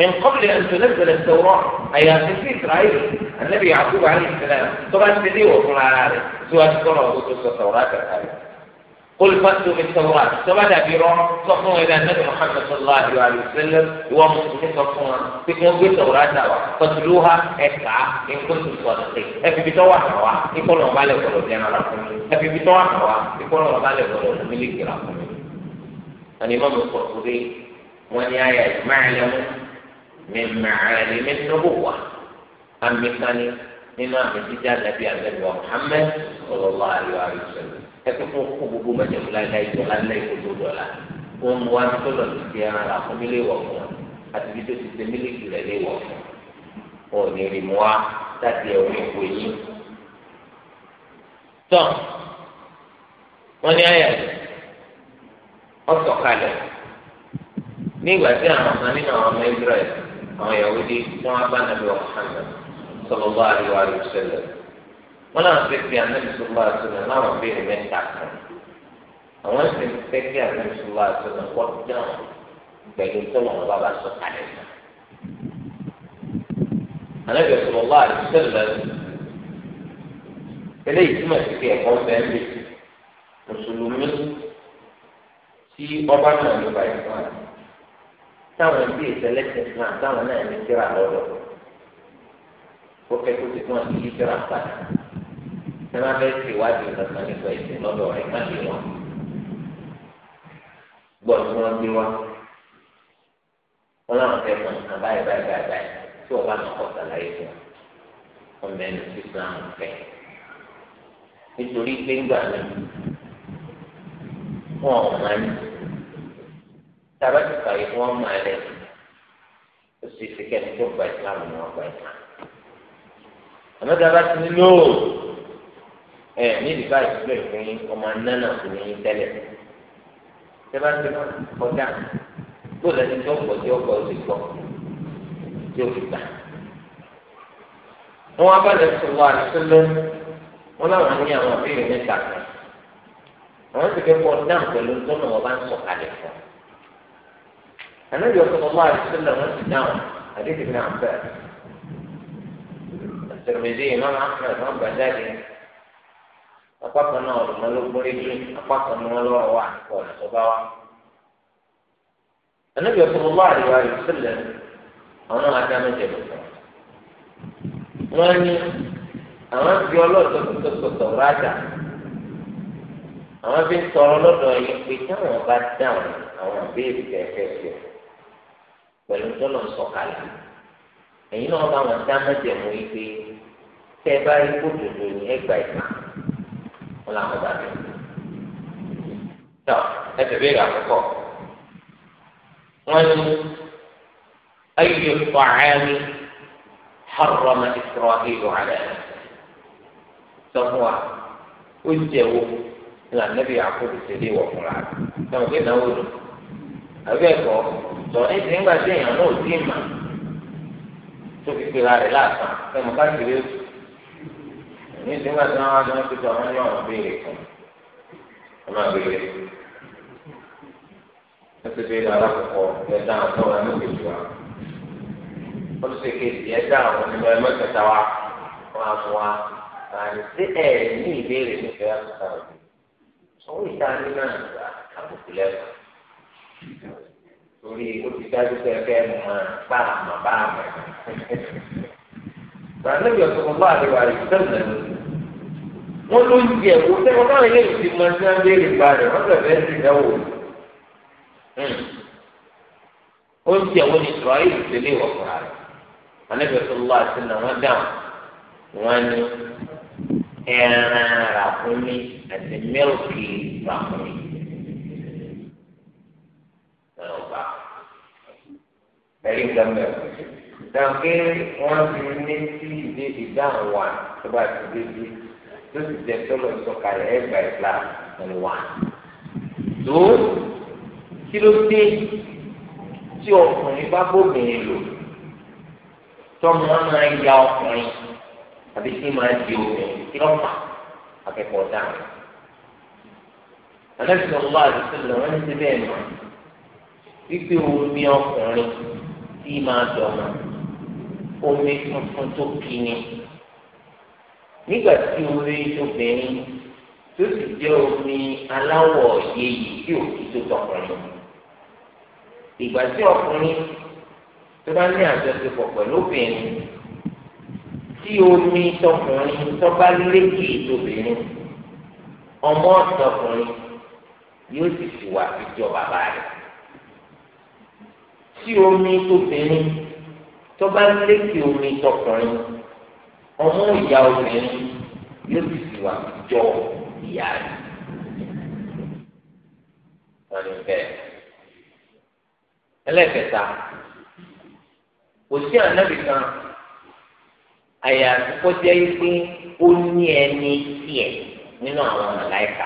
من قبل أن تنزل التوراة أي في إسرائيل النبي يعقوب عليه السلام طبعا تدي وقل على سواء التوراة وقصة التوراة قل فاتوا بالتوراة تبدا بيرون صفوا الى النبي محمد صلى الله عليه وسلم ومسلمين صفوا تكون بالتوراة فاتلوها اسعى إن كنتم صادقين افي بتوع نوا يكون ما له بروبلم لكم افي بتوع نوا يكون ما له بروبلم لكم الامام القرطبي وان يا معلم من معالم النبوة أم مثاني إمام الجدال نبي النبي محمد صلى الله عليه وسلم ẹ̀kọ́ fún kó gbogbo mẹ́jọ̀ọ́ láìláì jọ láìláì kó tó dọ̀la ó mú wá ní tọ́lọ̀ ti di ara rà fún mi lè wọ̀ fún àti bí tó ti ṣe mílíkì rẹ̀ lè wọ̀ fún ọ ní rí mu wá láti ẹ̀wọ̀n ìkó yín. tọ́ wọ́n ní àyà ọ̀sọ̀kalẹ̀ ní ìgbà tí àwọn kan nínú àwọn ọmọ Israẹli àwọn Yahudi tí wọ́n bá nàbẹ̀ Muhammad sallallahu alaihi wa wọn làwọn fẹẹ fi anabi sọlá àtúnà láwọn béèrè mẹ́ta kan àwọn sì ń fẹ́ kí anabi sọlá àtúnà kọ dáhùn pẹ̀lú tọwọ wọn bá bá sọ kalẹ̀ náà anabi sọlá àtúnà eléyìí túmọ̀ sí pé ẹ̀kọ́ bẹ́ẹ̀ lè mùsùlùmí tí ọba náà ló bá yẹn fún wa táwọn ẹbí ìtẹlẹsẹ náà táwọn náà ní kíra lọ́dọ̀ ó fẹ́ kó ti fún wa kí kíra padà ṣe máa fẹ́ ṣe ìwádìí kankan nípa ìsìn lọ́dọ̀ rẹ̀ má lè wọ́n gbọ́ tí wọ́n gbé wá wọ́n láwọn fẹ́ mọ̀ nǹkan báyìí báyìí báyìí báyìí tí wọ́n bá nà kọ́ sàlàyé fún wọn mẹ́nu sí islam fẹ́ nítorí pé ńgbà mi wọn ò máa ní tàbá ti fàyè fún wọn máa lẹ ó sì tó gba islam ní wọn gba islam àmọ́ tàbá ti ní lóòó ẹ ní ìdíkà ìsúlẹ̀ fún yín ọmọ nánà fún yín tẹ́lẹ̀ tẹ́lá ti náà kọjá gbọ́dọ̀ ẹni tó ń pọ̀ tí ọkọ̀ ti gbọ́ tí ó fi gbà. wọ́n wá bàlẹ̀ sọ wà sílẹ̀ wọ́n láwọn ní àwọn àbíyè mẹ́ta kan àwọn ti fi pọ̀ náà pẹ̀lú tọ́nà wọn bá ń sọ̀kalẹ̀ fún un. ànábìyọ̀ sọ̀rọ̀ sílẹ̀ wọ́n ti dáhùn àdéhùn náà bẹ̀rẹ̀. àtẹ̀rẹ̀mẹ̀dẹ́ ìmọ̀ apákan náà ọ̀dùnmọ́ ló gbórí jù apákan náà lọ́rọ̀ wà nípa ọ̀nà tó bá wá. Ànábì sallallahu alaihi wa sallam àwọn náà adá méje lọ́sọ̀. Wọ́n ní àwọn fi ọlọ́ọ̀tọ́ tó tó sọ̀rọ̀ àjà. Àwọn fi ń sọ̀rọ̀ lọ́dọ̀ yìí pé táwọn bá dáhùn àwọn béèrè kẹ̀kẹ́ sí Pẹ̀lú tọ́lọ̀ sọ̀kalẹ̀. Ẹ̀yin náà bá wọn dá méje mú yìí tẹ́ bá rí kóòtù wọn làwọn gbà bẹ. tó ẹ bẹ̀rẹ̀ ìrà àkọ́kọ́ wọn ní ayé ọ̀hánmi harrama israhílù alẹ́ sọ fún wa ó jẹ wo ní anabi àkókò tẹ̀lé wọ̀ fúnra rẹ̀ sọ pé náà ó dùn àbí ẹ̀kọ́ tọ̀ ẹ̀ ti nígbà tí náà ò tí ì mà tó fi pera rẹ̀ láàtàn ẹ̀ mọ̀ ká kiri oṣù ní ìsìnkú àti àwọn àjọ ti tọ̀ wọ́n ní ọ̀rọ̀ béèrè kan ẹ máa béèrè ẹ ti béèrè alákọ̀ọ́ ẹ dá àwọn tọ́wọ́ ẹ má kéjì wa ó ti ṣe kéjì ẹ dá àwọn onímọ̀ ẹ má kẹta wa wọ́n á fún wa àní sí ẹ ní ìbéèrè nífẹ̀ẹ́ àtúntà òbí owó ìta ní náà gbà àbùkù lẹ́kọ̀ọ́ torí ó ti dájú pé ẹ fẹ́ máa bá àmà bá àmà. Gbàdúrà ìyọ̀sọ̀kọ̀ bá àdéhùn àìsàn náà wọ́n ló ń yẹ wò sẹ́wọ́n káwọn ilé ìsìn máa ti ń béèrè ba rẹ̀ wọ́n bẹ̀rẹ̀ sí ìdáwó ó ń jẹ wọ́n ní israel ìdílé wọ̀ fún ara anábẹ́ tó àti náà wọ́n dáhùn wọ́n ní ẹran ràkúnmí àti mílkì ràkúnmí. ẹ̀rí nǹkan mẹ́rin dáhùn pé wọ́n ní sí ìdí ìdáhùn wa tó bá ti dé bí tó sì jẹ tọ́lọ̀ sọ̀kalẹ̀ ẹgbà ìgbà ìwà. tó kí ló dé tí ọkùnrin bá bóbìnrin lò tọ́mọ máa ń ya ọkùnrin àbí tí máa di obìnrin kí ló fà akẹ́kọ̀ọ́ dáhùn. alẹ́ sọ̀rọ̀ wá àdúgbò lọ́wọ́ ní ti mọ́ wípé omi ọkùnrin tí máa dọ̀mọ́ omi funfun tó kí ni nígbà tí orí obìnrin tó sì jẹ́ omi aláwọ̀ yéyí tí òkú tó tọkùnrin ìgbà tí ọkùnrin tó bá ní àjọṣepọ̀ pẹ̀lú obìnrin tí omi tọkùnrin tó bá lékè tóbìnrin ọmọ tọkùnrin yóò sì sì wà fìjọ bàbá rẹ̀ tí omi tóbìnrin tó bá lékè omi tọkùnrin ọmọ ìyá obìnrin yóò sì fi wà jọ ìyá rẹ̀ wọn ni bẹ́ẹ̀ ẹlẹ́kẹta kò sí ànábì kan àyà àtúkọ́jẹ́ yìí pé ó ní ẹni tiẹ̀ nínú àwọn màláìka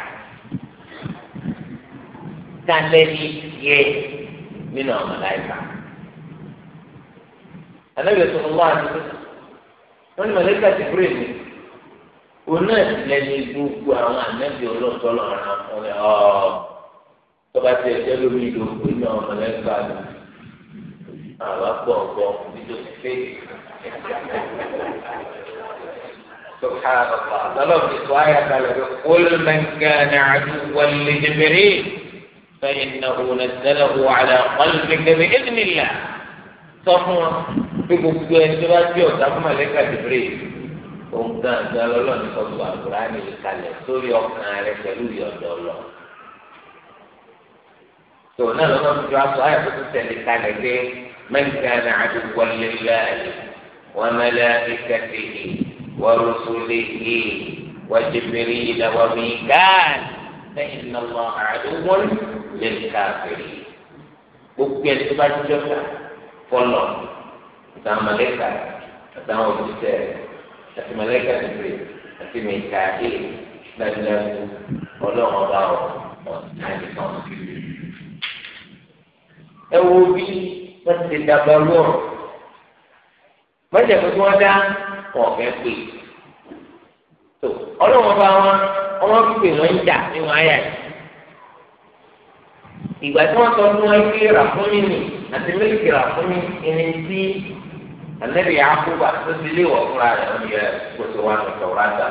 kálẹ́ni tiẹ̀ nínú àwọn màláìka ànábì sallallahu alaihi wasallam wọ́n ní mọ̀lẹ́kà ti búrè mi òun náà gbogbo àwọn ànábì ọlọ́tọ́ lọ́ra wọn ọ̀ tọ́ba ti ẹ̀jẹ̀ lómi ìdòwò ní àwọn mọ̀lẹ́kà ni àwa pọ̀ ọ̀gbọ́ nítorí fẹ́ قل من كان عدوا لجبريل فإنه نزله على قلبك بإذن الله صفوة pé gbogbo ẹni tó bá gbé ọ̀tá fún mọ̀lẹ́kà dìbìrì òun gàǹgà lọ́lọ́ọ̀ni sọ̀tọ̀ àgùránì kalẹ̀ sórí ọkàn rẹ pẹ̀lú ìyọ̀dọ̀ lọ. tó náà lọ́nà tó a sọ àyàfó tó tẹ̀lé kalẹ̀ pé mẹ́ǹkánà àdúgbòléláàlì wàmẹ́lẹ́kẹ́tìhì wàrúsùlẹ̀hì wàjẹ̀bẹ̀rìlà wàmíkàn lẹ́yìn náà lọ́ àdúgbòléláàlì gbogbo ẹni tó bá jẹ́ àtàwọn mọlẹ́kà àtàwọn òṣìṣẹ́ àti mọlẹ́kà tìbìrì àti mẹ́ta èè dájúdájú ọlọ́run ọba ọ̀tá nìkan. ẹ wo bí wọ́n ti dàgbà lọ́rùn mọ́jẹ̀mú tí wọ́n dá wọn fẹ́ pè tó ọlọ́run ọba wọn ọmọ pípé wọn ń jà nínú àyà yìí ìgbà tí wọ́n sọ fún wọn pé ràfúnmi nì àti mílíkì ràfúnmi ẹni tí anabi yakuba tó ti lé wọ fúnra rẹ̀ wọn yẹ gbèsè wa ní tọwúrọ àtà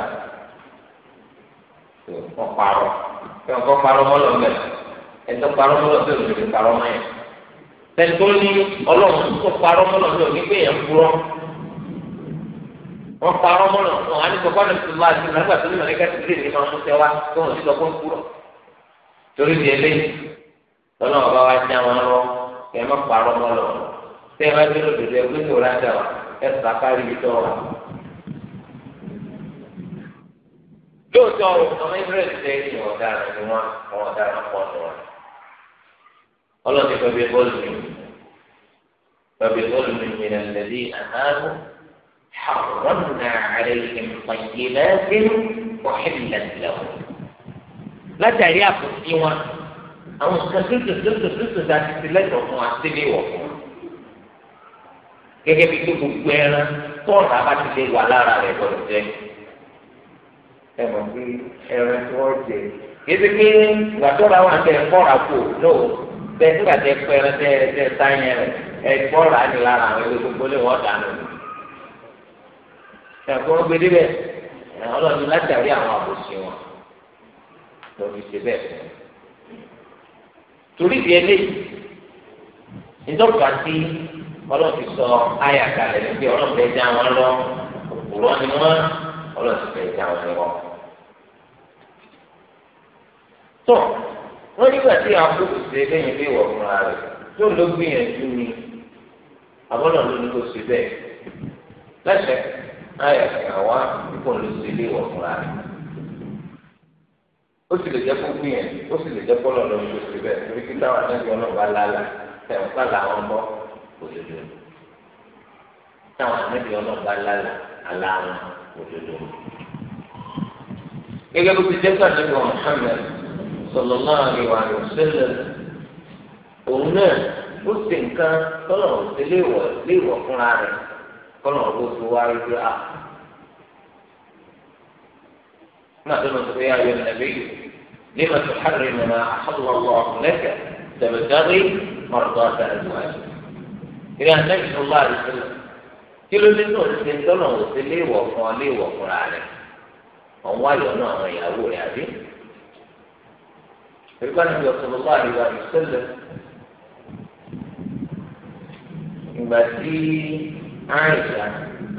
tó wọn parọ́ tó wọn parọ́ mọlọ mẹ ẹtọ parọ́ mọlọ tó lè lè parọ́ mẹ tẹtọ ní Ọlọ́run tó parọ́ mọlọ tó ní pé yẹn kúrọ wọn parọ́ mọlọ tó wọn á ní sọkọ ní tó máa ti nàgbà tó ní mọlẹkà tó lè ní máa mú sẹ tó wọn ti sọ fún kúrọ torí di eléyìí tọ́lá ọba wa ti àwọn ọlọ kẹ ẹ má parọ́ tẹ ẹ bá dé lòdòdó ẹ gbé sòrò àdá wa ẹ sàkárí ibi tọ́ wa. lóòótọ́ ọmọ israẹli tẹ ẹni ọ̀daràn ni wọn àwọn ọ̀daràn pọ̀ nù wọn. ọlọ́ọ̀dẹ bẹ̀bẹ̀ bọ́ọ̀lù mi bẹ̀bẹ̀ bọ́ọ̀lù mi mi lẹ́dí àhánú حرمنا عليهم طيبات وحلت لهم لا تعرف سوى أو كسرت سرت سرت ذات السلة وما سلي وما gẹ́gẹ́ bí tó gbogbo ẹran tọ́ọ̀nù abátidé wà lára rẹ̀ gbọ́dọ̀ jẹ́. ẹ mọ̀ pé ẹran tí wọ́n jẹ kéde pé ìgbà tọ́ra wà ń bẹ kọ́ra kù lò bẹ́ẹ̀ nígbà tẹ pẹrẹ tẹ tẹ táyẹn rẹ ẹ kọ́ra ni lára àwọn ẹgbẹ́ gbogbo lè wọ́n dànù. ṣàkóso gbé débẹ̀ ọlọ́run látàrí àwọn àbòsí wọn ló fi ṣe bẹ́ẹ̀ fún un. torí ìdí eléyìí ìdọ́gba sí ọlọ́run ti sọ àyà kalẹ̀ níbi ọlọ́run fẹ́ já wọn lọ òpùrọ́ ni wọ́n ọlọ́run ti fẹ́ já wọn lọ. tó wọ́n nígbà tí àkókò ṣe lẹ́yìn bí ìwọ̀ fúnra rẹ̀ tó ló gbìyànjú ni àbọ̀nà ló ní kó ṣe bẹ́ẹ̀ lẹ́sẹ̀ àyà àwa kò ló ṣe lé ìwọ̀ fúnra rẹ̀ ó sì lè jẹ́ kó gbìyànjú ó sì lè jẹ́ kó lọ́ọ́ lọ́ọ́ ló ṣe bẹ́ẹ̀ torí kí táwọn àtẹ́gbẹ́ ọlọ́run òdodo táwọn àmẹ́bí ọlọ́ọ̀bá lálẹ́ àlá wọn òdodo. gẹ́gẹ́ bó ti jẹ́ pé ànábì wa sọ̀lọ́ náà alaihi wa ní sallam òun náà ó sì nǹkan tọ́lọ̀ sí léèwọ̀ léèwọ̀ fúnra rẹ̀ kọ́lọ̀ ó ti wá bí à. ما دمت يا أيها النبي لم تحرم ما أحل الله لك تبتغي مرضاة أزواجك ìrìn ànábì tó bá rí sílẹ̀ kí ló dé náà ṣe ń tọ́nà òsè léèwọ̀ fún ọ léèwọ̀ fúnra rẹ̀ ọ̀hún ayọ̀ náà àwọn ìyàwó rẹ̀ àbí. ìrìkọ́ níbi ọ̀sán bá rí wa rí sílẹ̀ ìgbà tí àìsà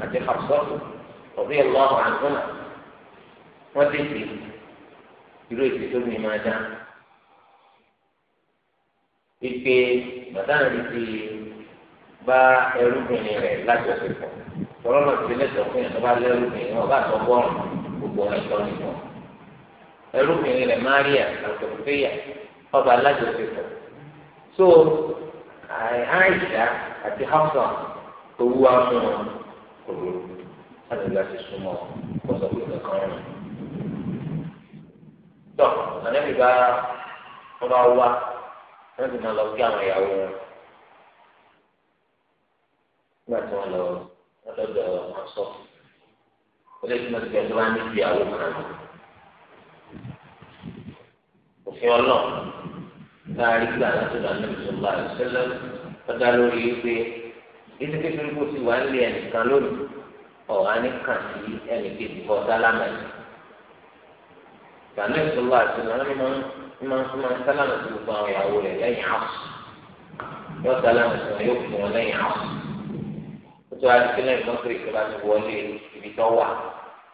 àti fàṣọ́tò ọ̀bí ọlọ́run àgbọ̀nà wọ́n dé sí irú tó mi máa dá. ìpè bàtà mi ti bá ẹrúbìnrin rẹ̀ lájọṣepọ̀ tọ́lọ́lọ́ ti lẹ́tọ̀ọ́ fún yẹn tó bá lẹ́rúbìnrin wọn bá tọ́ bọ́ọ̀rùn gbogbo ẹ̀tọ́ nìkan ẹrúbìnrin rẹ̀ Maria àtọ̀fẹ́yà ọba lájọṣepọ̀ so Aisha àti Hafsa owó amú wọn kò lóru láti láti súnmọ́ kọ́sọ́kọ́sọ́ kan rẹ̀ tọ́ ànábìbá ọba wa wọ́n ti máa lọ kí àwọn ìyàwó wọn nígbà tí wọ́n lọ lọ́dọ̀ wọn sọ eléyìí tí wọ́n ti gbẹ tó bá ní ìyàwó kan òfin ọlọ́run láàrin gbà láti lọ ní ìṣòwò àìsílẹ̀ ọ̀dà lórí wípé ètò kékeré kò sí wà nílé ẹnìkan lónìí ọ̀hán ní kàn sí ẹnìkejì bọ́ sálámà yìí gbàlẹ́ ìṣòwò àìsílẹ̀ wọn ni máa ń fún máa sálámà sí gbogbo àwọn ìyàwó rẹ̀ lẹ́yìn àwọ̀ yóò sálámà sí wọn yóò fún wọn lẹ́yìn àwọ̀ tó a ti lẹ́yìn mọ́tòrì tó bá ti wọlé ibi tó wà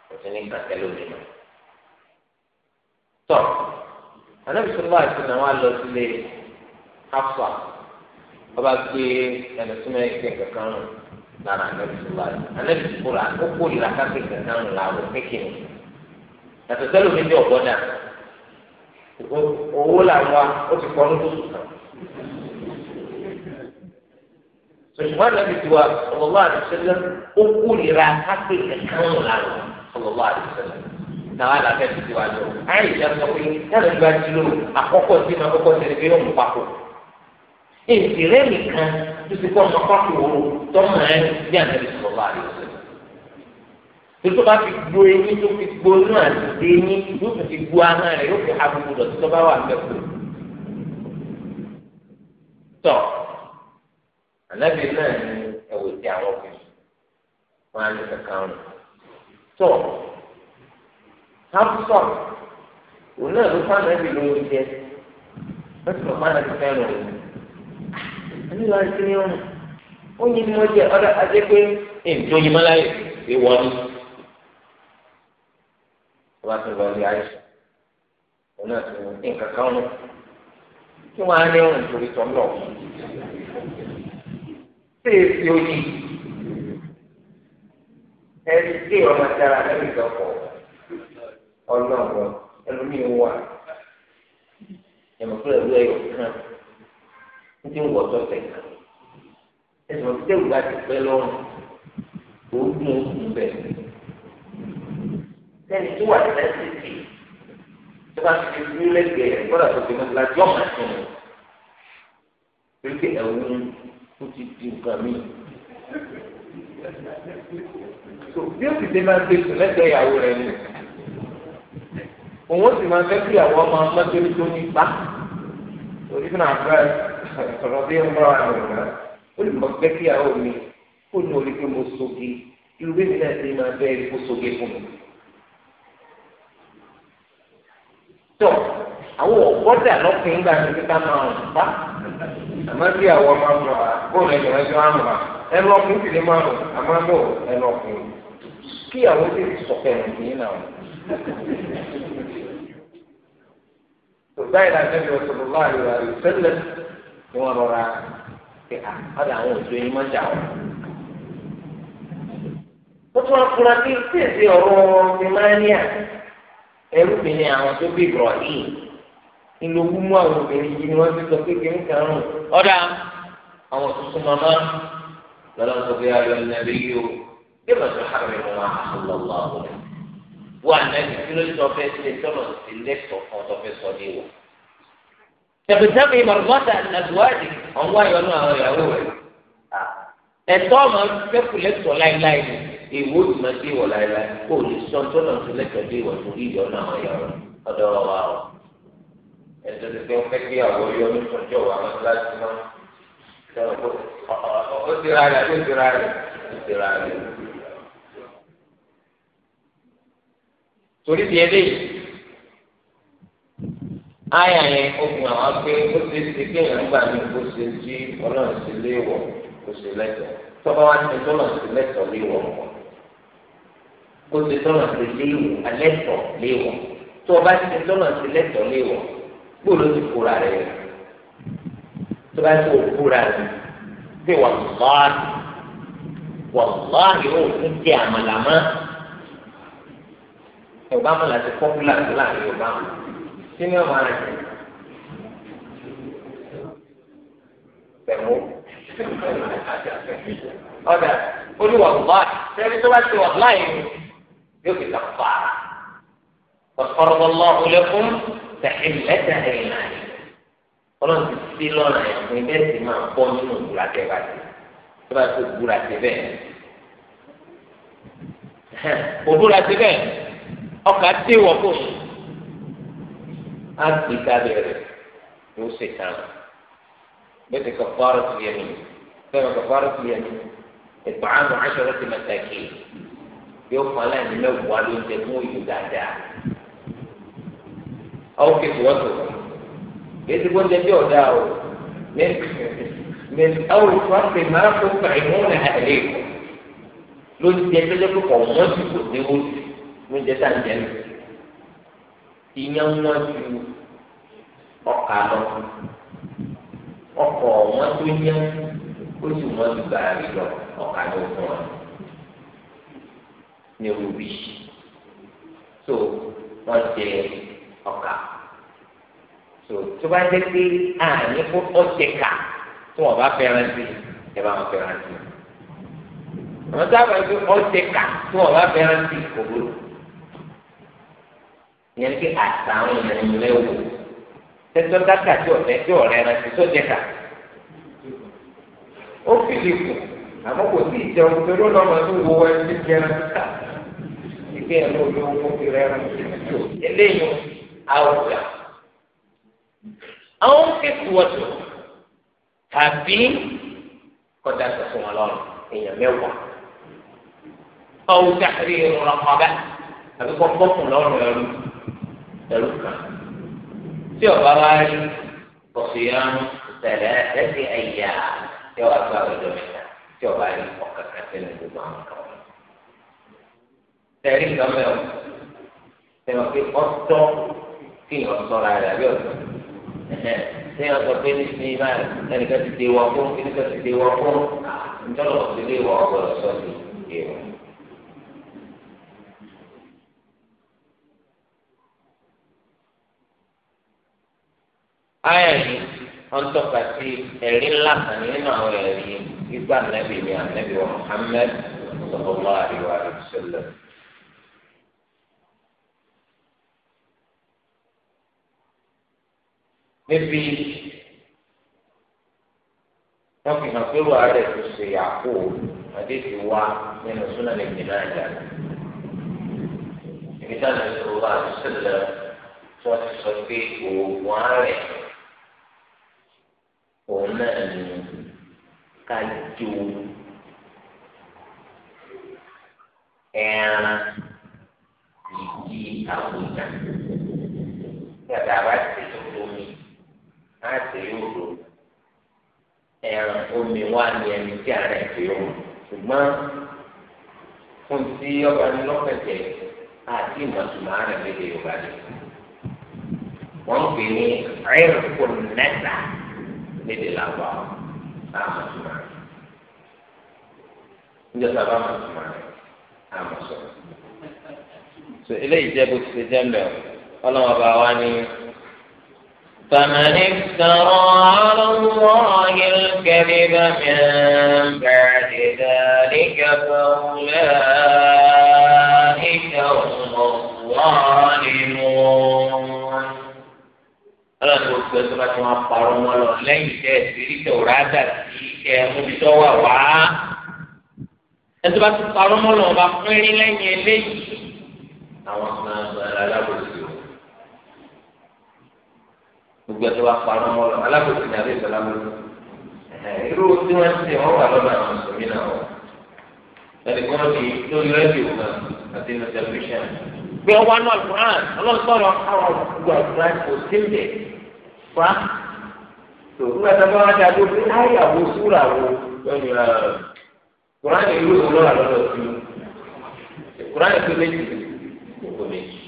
kò sí ní kàkẹ́ lómi mọ́. tọ́ anábìsọ̀rọ̀ bá ti náà wá lọ sílé Hafsa ọba gbé ẹnì súnmọ́ ìpín kankan rùn lára anábìsọ̀rọ̀ bá ti anábìsọ̀rọ̀ àkókò ìlà kápẹ́ kankan rùn làwọn kékeré yàtọ̀ sẹ́lẹ̀ mi ní ọ̀gbọ́n náà owó làwọn ó ti kọ́ ọdún tó sùn kan sọ̀tùmọ́ nàbì tiwa sallallahu alaihi wasallam ó kú nira kápẹ́ ìkànnì lànà sallallahu alaihi wasallam náà àlàfẹ́ ti tiwa lọ. àyè ìjà sọ pé yàrá ìgbà tí ló àkọ́kọ́ tí ma kọ́kọ́ tẹ̀lé pé ó mú papò. ìdílé nìkan tó ti kọ́ ọmọ pápò wò tọ́mọ ẹ̀ bí ànábì sallallahu alaihi wasallam. tuntun bá fi gbó eyín tó fi gbó inú àti eyín yóò fi gbó ànábì náà ní ẹ̀wò tí àwọn obìnrin wọn á ní kankan rùn tó hamsọ òun náà ló fáwọn ẹbí lórí jẹ wọn sì mọ fáwọn ẹbí fẹ́ràn òun ah, ẹni wàá ti ní ọrùn ó yin ni wọn jẹ ọdọ adé pé èmi tó yin mọláyé ìwọ ni wọn ti lọ rí àìsàn òun náà ti ní nǹkan kan rùn wọn á ní ọrùn torí tọ́ lọ ṣé èsì òyìn ẹni tí ọmọ sára lẹ́nu ìdọ́kọ̀ ọlọ́run ẹlòmíì wà ẹ̀mọ̀fẹ́ ìlú ẹ̀yọ̀ kan ń ti ń wọ̀ sọ́sẹ̀ kan ẹ̀sìn òfin tẹ̀wù láti pẹ́ lọ́rùn òògùn òògùn bẹ̀. lẹ́yìn tí wà lẹ́sìtì tó bá ti fi lẹ́gbẹ̀ẹ́ gbọ́dọ̀ tó fi mọ́tò láti ọ̀hún àti ọ̀hún. pé kí ń ó ti di nǹkan mi. bí ó sì ṣe máa ń gbé sùn lẹ́sẹ̀ ìyàwó rẹ̀ ni òun ó sì máa fẹ́ kí ìyàwó ọmọ mọ́tóní tó ní pa òní fún àgbà ọ̀rọ̀ bí ń bá wà lọ́wọ́ ó lè mọ̀ fẹ́ kí ìyàwó mi kó ní orí pé mo soge irú bí mi náà ṣe máa bẹ́ẹ̀ kó soge fún mi. tọ́ àwọn ọ̀gbọ́dà lọ́kùnrin gbà mí pé ká máa ń pa. àmọ́ bí àwọn máa mọ̀ á bóòlù ẹ̀yọ̀ ẹ̀jọ̀ ẹnu ọkùnrin sì lè máa mọ̀ ẹnu ọkùnrin kí àwọn sì sọ̀kẹ̀ ẹ̀yìn náà. Báyìí la ṣẹ́bi ọ̀sọ̀rọ̀ láàrin wa ìṣẹ̀lẹ̀ ni rọra àwọn jà Ó tún ńlọ wú mú àwọn obìnrin yìí ni wọ́n ti sọ pé kìnnì kan rùn ọ̀dà àwọn tuntun mama lọ́la ń sọ pé ayọ̀ nàbí yìí o bí wọ́n ti hàrì mọ́ àlọ́lá ọ̀rẹ́ wọ́n ànábi kí ló sọ fẹ́ ṣe tọ́lọ̀ sí lẹ́tọ̀ kan tó fẹ́ sọ ní ìwọ̀. tẹ̀bìtẹ́bì mọ̀lúmọ́tà nàdúwádì ọ̀n wáyọ̀ nù àwọn ìyàwó rẹ̀ ẹ̀tọ́ ọmọ fẹ́kù lẹ́tọ̀ láíláí ìwò ìmọ̀ o lè sọ tọ́lọ̀ sí lẹ́tọ̀ ẹ̀sọ́ pé ń fẹ́ kí àwọn orí onífọ̀jọ́ wà mọ́tíláṣí náà ó ti ra rẹ̀ ó ti ra rẹ̀ ó ti ra rẹ̀. torí ti eléyìí àyà yẹn ó fi pé ó ti ti kéèyàn gbà mí kó ṣe tí ọlọ́run ti léèwọ̀ kó ṣe lẹ́tọ̀ọ́ tọ́ba wá ti tọ́lọ̀ sí lẹ́tọ̀ọ́ léèwọ̀ kó ṣe tọ́lọ̀ sí léèwọ̀ alẹ́tọ̀ọ́ léèwọ̀ tó o bá ti tọ́lọ̀ sí lẹ́tọ̀ọ́ léèwọ̀ gbòòrò ti kóra rẹ̀ yẹ tó bá tó kóra rẹ̀ pé wàlláhi wàlláhi ó ń jẹ àmàlàmá yorùbá mọ̀ láti pọ́pùlà tó láàrin yorùbá mọ̀ kí ni ọmọ rẹ̀ jẹ pẹ̀lú ọ̀dà ó ní wàlláhi sẹ́ni tó bá ti wàlláhi yóò fi kà fà á. وفرض الله لكم tẹ̀hìlẹ́tà ẹ̀yìnà ọlọ́run ti sí lọ́nà ẹ̀sìn bẹ́ẹ̀ sì máa bọ́ nínú ìbúra tẹ́ bá ti tẹ́ bá ti búra tẹ́ bẹ́ẹ̀ òbúra tẹ́ bẹ́ẹ̀ ọkà tí wọ́n kò sùn á gbé kábẹ́ rẹ̀ yóò ṣe tán bẹ́ẹ̀ ti kọ́ fọ́ọ̀rọ̀ ti yẹ mi bẹ́ẹ̀ ma kọ́ fọ́ọ̀rọ̀ ti yẹ mi ìpààmù aṣọ rẹ̀ ti mẹ́ta kì í yóò fọ́ọ̀lá ẹ̀mí mẹ́wàá ló ń jẹ fún òyìnbó dáadáa àwọn kìtì wọn tó kéde bó ń jẹ bí ọ̀dà o mẹ àwọn ìfọwọ́ pé máa fún fàìmù náà àlẹ́ ìkọ́ ló ti jẹ pẹ́jọ́ pé kọ̀ wọ́n ti kò dé wọ́n ti ló ń jẹ tá à ń jẹ nù ìyẹn wọn ju ọkà lọ ọkọ̀ wọn tó yẹ ó sì wọn ju gàárì lọ ọkà ló fún wọn ní rubí so wọn jẹ ọkà tó tó bá jẹ pé àní kó ọjẹ kà tí wọn bá fẹ́ràn sí ẹ bá wọn fẹ́ràn sí àwọn sábà pé ọjẹ kà tí wọn bá fẹ́ràn sí kò gbòòrò ìyẹn pé àtà àwọn ènìyàn lè wò tẹtọ dákà tí ọ̀rẹ́ tí ọ̀rẹ́ rẹ ti sọjẹ kà ó fìlì kù àmọ́ kò sí ìjẹun torí ó lọ́mọ tó wo ẹni tí jẹrẹ títà ìgbéyàwó ló ń fi rẹ rẹ eléyìí àwùjá àwọn kẹsíwọ́tò tàbí kọjá tuntun wọn lọ́rùn èèyàn mẹ́wàá ọ̀hún dàrí irun ọ̀pọ̀bẹ́ àbí kọ́kọ́kùn lọ́rùn ẹ̀rú ẹ̀rú kan tí ọba wa rí ọ̀sìyàn tẹ̀lé ẹ̀sìn ẹ̀yà tí ọba gba ọjọ́ mẹ́ta tí ọba rí ọ̀kan kan sínú gbogbo àwọn kan wọn. tẹ̀rí ìgbà mẹ́wàá tẹ̀wọ̀n pé ọ̀tọ́ kéèyàn sọ̀rọ̀ àrẹ àbí ọ̀sán kéèyàn sọ pé nísìnyí máa ẹnìkan ti dé wọ fún ẹnìkan ti dé wọ fún ntọ́lọ̀ ti lé wọ ọgbọ̀rọ̀ sọ́ọ̀tì èèwọ̀. ayé ni wọn tọ́ka sí ẹ̀rí ńlá kan nínú àwọn ẹ̀rí gbígbà nàbì ní ànábì wa Muhammad sallallahu alaihi wa sallam. níbi wọn fi hàn pé wàá rẹ tó ṣe àpò àdéhùn wa nínú súnà lè gbìn náà jà ní sáà ní sọlá àdúsẹlẹ tí wọn ti sọ pé oògùn àárẹ̀ òun náà ní ká ẹran ìdí àbújá yàtọ̀ àbájá àti yòòrò ẹran omi wà ní ẹni tí ara ẹ̀ fi hàn ṣùgbọ́n fún tí ọba ní lọ́pẹ̀tẹ̀ àti ìmọ̀túnmọ̀ ara ẹ̀ lédè Yorùbá ni wọ́n pè ní ẹ̀rọ̀kù nẹ́ta lédè làwọn àmọ̀túnmọ̀ rẹ̀ níjọba bá àmọ̀túnmọ̀ rẹ̀ àmọ̀túnmọ̀ so eléyìí jẹ́ bó ti ṣe jẹ́ mẹ́rin ọlọ́mọba wa ní. فمن افترى على الله الكذب من بعد ذلك فأولئك هم الظالمون ọlọ́run tó gbé tó bá ti wọn parọ́ wọn lọ lẹ́yìn tẹ́ ìrírí tòwúrọ̀ àgbà sí ẹ̀mú bí tó wà wá. ẹ tó bá ti parọ́ wọn lọ bá pín rí lẹ́yìn eléyìí. àwọn kan ń bá alábòsí. gbogbo ẹ̀ tó bá parọ́ mọ́ lọ alákòóso ní abẹ́ ìsọ̀lá mọ́ lọ. irú tí wọ́n ti wọ́n wà lọ́dọ̀ àwọn mùsùlùmí náà wọ̀ ẹnìkan ti lórí rédíò kan àti ní tẹlifíṣàn gbé ọwọ́ náà alukuran ọlọ́sọ̀rọ̀ àwọn gbogbo alukuran kò sí lẹ̀ fa tòun bá sábà wá dáadó pé ayàwó súra wo lọ́yìn rà kuran ìlú òwúrọ̀ àlọ́dọ̀ sí kuran ìpínlẹ̀ kò méjì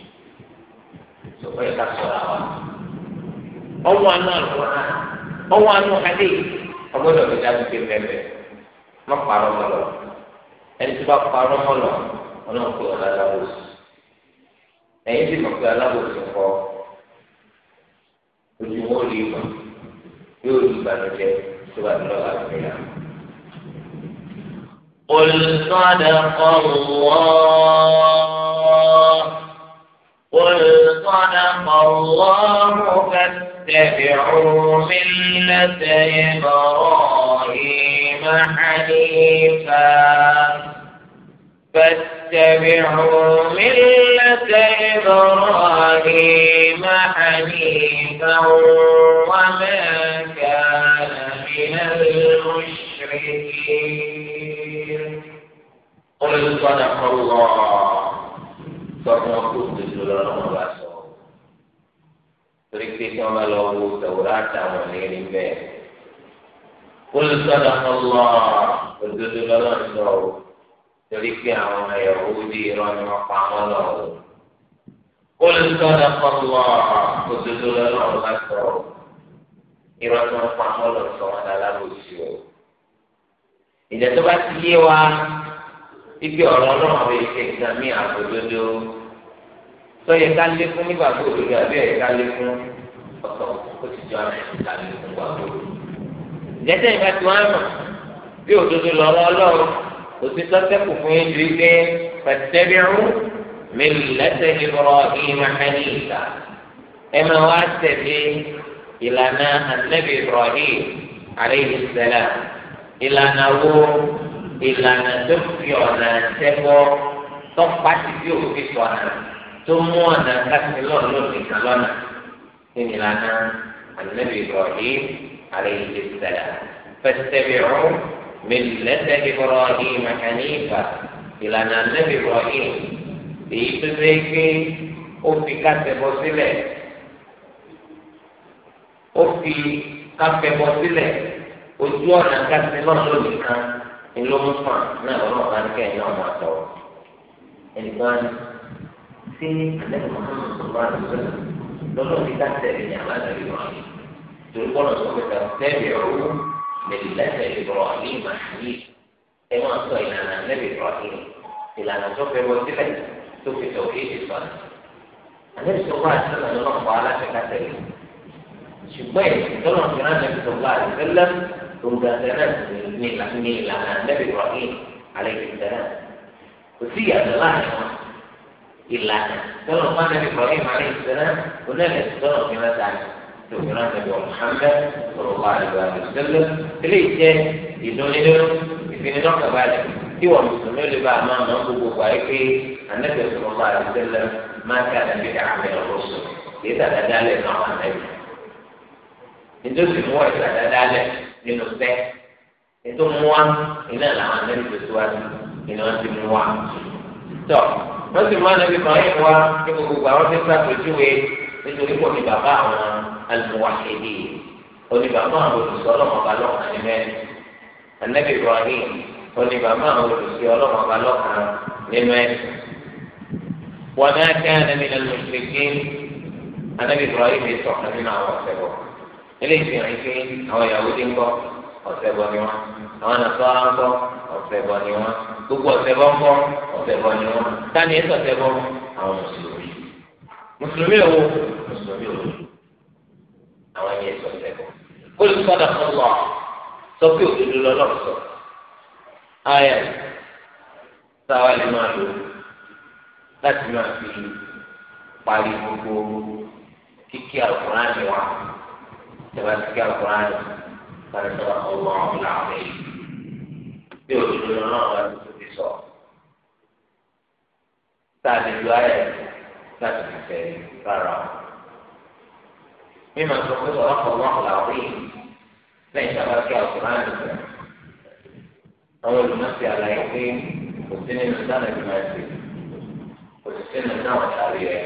sọ̀rọ̀ ẹ̀ka sọ̀rọ̀ àwọn ọwọ́ anú àlùkòrán ọwọ́ anú adé ọgbọ́dọ̀ fi dá gbogbo ẹgbẹ́ má parọ́ mọ́lọ ẹni tó bá parọ́ mọ́lọ ọlọ́run kò lọ́la alábòsí ẹ̀yin sì mọ̀ pé alábòsí kọ́ ojú wọn lè mọ̀ yóò rí ìbànújẹ́ tó bá lọ́la àgbẹ̀yà. قل صدق الله قل صدق الله فاتبعوا ملة إبراهيم حنيفا فاتبعوا ملة إبراهيم حنيفا وما كان من المشركين قل صدق الله tọ́kùn ọkọ òdodo lọ́wọ́ bá sọ torí pé kí wọ́n bá lọ wo tẹ̀wúrọ̀ àtàwọn lérí bẹ́ẹ̀ olùsọ̀dọ̀ ọlọ́ òdodo lọ́wọ́ sọ o torí pé àwọn ẹ̀yọ̀wò di irọ́ ni wọ́n pa wọ́n lọ o olùsọ̀dọ̀ ọlọ́ òdodo lọ́wọ́ bá sọ o irọ́ ni pa wọ́n lọ sọ wọn lálábòsí o ìjẹ́ tó bá ti yé wa ibi ọ̀rọ̀ náà wọ ìṣe ìdàmí àbòdodo sọyẹ ká lé fún nígbà tó òdodo àbí ẹ̀yẹ ká lé fún ọ̀tọ̀ ó ti jọ àmì ká lé fún wa tó. ìjẹ́sẹ̀ ìgbà tí wọ́n á mọ̀ bí òdodo lọ́rọ́ ọlọ́run kò sí sọ́sẹ́kù fún yín ju pé pẹ̀tẹ́bírú mi lẹ́sẹ̀ ìrọ̀ ìmọ̀ ẹni ìgbà ẹ máa wá tẹ̀lé ìlànà ànábì Ibrahim ìlànà tó fi ọ̀nà tẹ́wọ́ tọ́pá ti fi òfin sọ̀nà tó mú ọ̀nà káṣí lọ́nà lónìí kan lọ́nà ní ìlànà ànábì Ibrahim alayhi salam fattabi'u millata Ibrahim hanifa ìlànà ànábì Ibrahim èyí tó fẹ́ gbé ó fi kásẹ̀bọ sílẹ̀ ó fi kásẹ̀bọ sílẹ̀ ojú ọ̀nà káṣí lọ́nà lónìí kan ìlú mùsùlùmá náà lọ́nà bá ní kẹ́yìn náà máa tọ̀ ẹnìkan tí ẹnìkan máa ń sọ lọ́nà tí ká tẹ̀lé ní aláàbẹ̀rẹ̀ wọn torí bọ́lá sọ pé tẹ̀lé ọ̀rú lẹ́lẹ́sẹ̀ ìrọ̀ ní ìmàlẹ́ ẹ máa sọ ìlànà lẹ́bi ìrọ̀ ní ìlànà tó fẹ́ wọ sílẹ̀ tó fi tọ̀ kéde sọ àlẹ́ sọ fún àtúnṣe lọ́nà kọ́ aláṣẹ ká tẹ̀lé ṣùgbọ́n ìtọ́nà fìlànà ìtọ́gbà àti penggantian nilai nilai Nabi Ibrahim alaihissalam. Usia adalah ilahnya. Kalau mana Nabi Ibrahim alaihissalam, benar kalau kita tanya. Tuhan Nabi Muhammad Sallallahu Alaihi Wasallam Jadi dia Didun-didun Dipindah kembali Tiwa Muslimnya Lebah Mama Buku Baiki Nabi Sallallahu Alaihi Wasallam Maka Nabi Ahmed Rasul Kita ada dalil Nabi ètò sì mú ẹ̀sìn àdáadáa lẹ̀ nínú sẹ́ ètò mú wa iná làwọn anábì tó síwájú iná ti mú wa. tọ́ wọ́n sì mú anábì kan yìí wá ní gbogbo àwọn tí ń sàpèjúwe nítorí pọ̀ ní bàbá àwọn alùwàhídì oníbàbá àwọn olùsọ ọlọ́mọba lọ́kàn ní mẹ́rin anábì Ibrahim oníbàbá àwọn olùsọ ọlọ́mọba lọ́kàn ní mẹ́rin. wọ́n náà kẹ́ anábì lẹ́nu ìṣègbè anábì Ibrahim yìí sọ̀kan nínú àwọn ọ̀sẹ̀ bọ̀ eléyìí fi hàn pé àwọn Yahudi ń kọ́ ọ̀sẹ̀ bọ̀ ni wọn àwọn Nasara ń kọ́ ọ̀sẹ̀ bọ̀ ni wọn gbogbo ọ̀sẹ̀ bọ̀ ń kọ́ ọ̀sẹ̀ bọ̀ ni wọn táni ẹ̀sọ̀ ọ̀sẹ̀ bọ̀ àwọn mùsùlùmí mùsùlùmí ò mùsùlùmí ò àwọn ẹ̀yẹ ẹ̀sọ̀ bọ̀ olùsọ̀dà kan sọ pé òdodo lọ́lọ́run sọ ayẹ sáwa lè máa lò láti máa fi parí gbogbo kíkí àlùkò láti wà. تبارك القرآن فنصدق الله العظيم يوجد لنا غير في صوت تعني الآية لا تنسى ترى مما صدق الله العظيم ليس تبارك القرآن àwọn olùmọ̀sí àlàyé pé kò sí nínú dáná ìlú máa ṣe kò sì sí nínú náà ṣàlùyẹ̀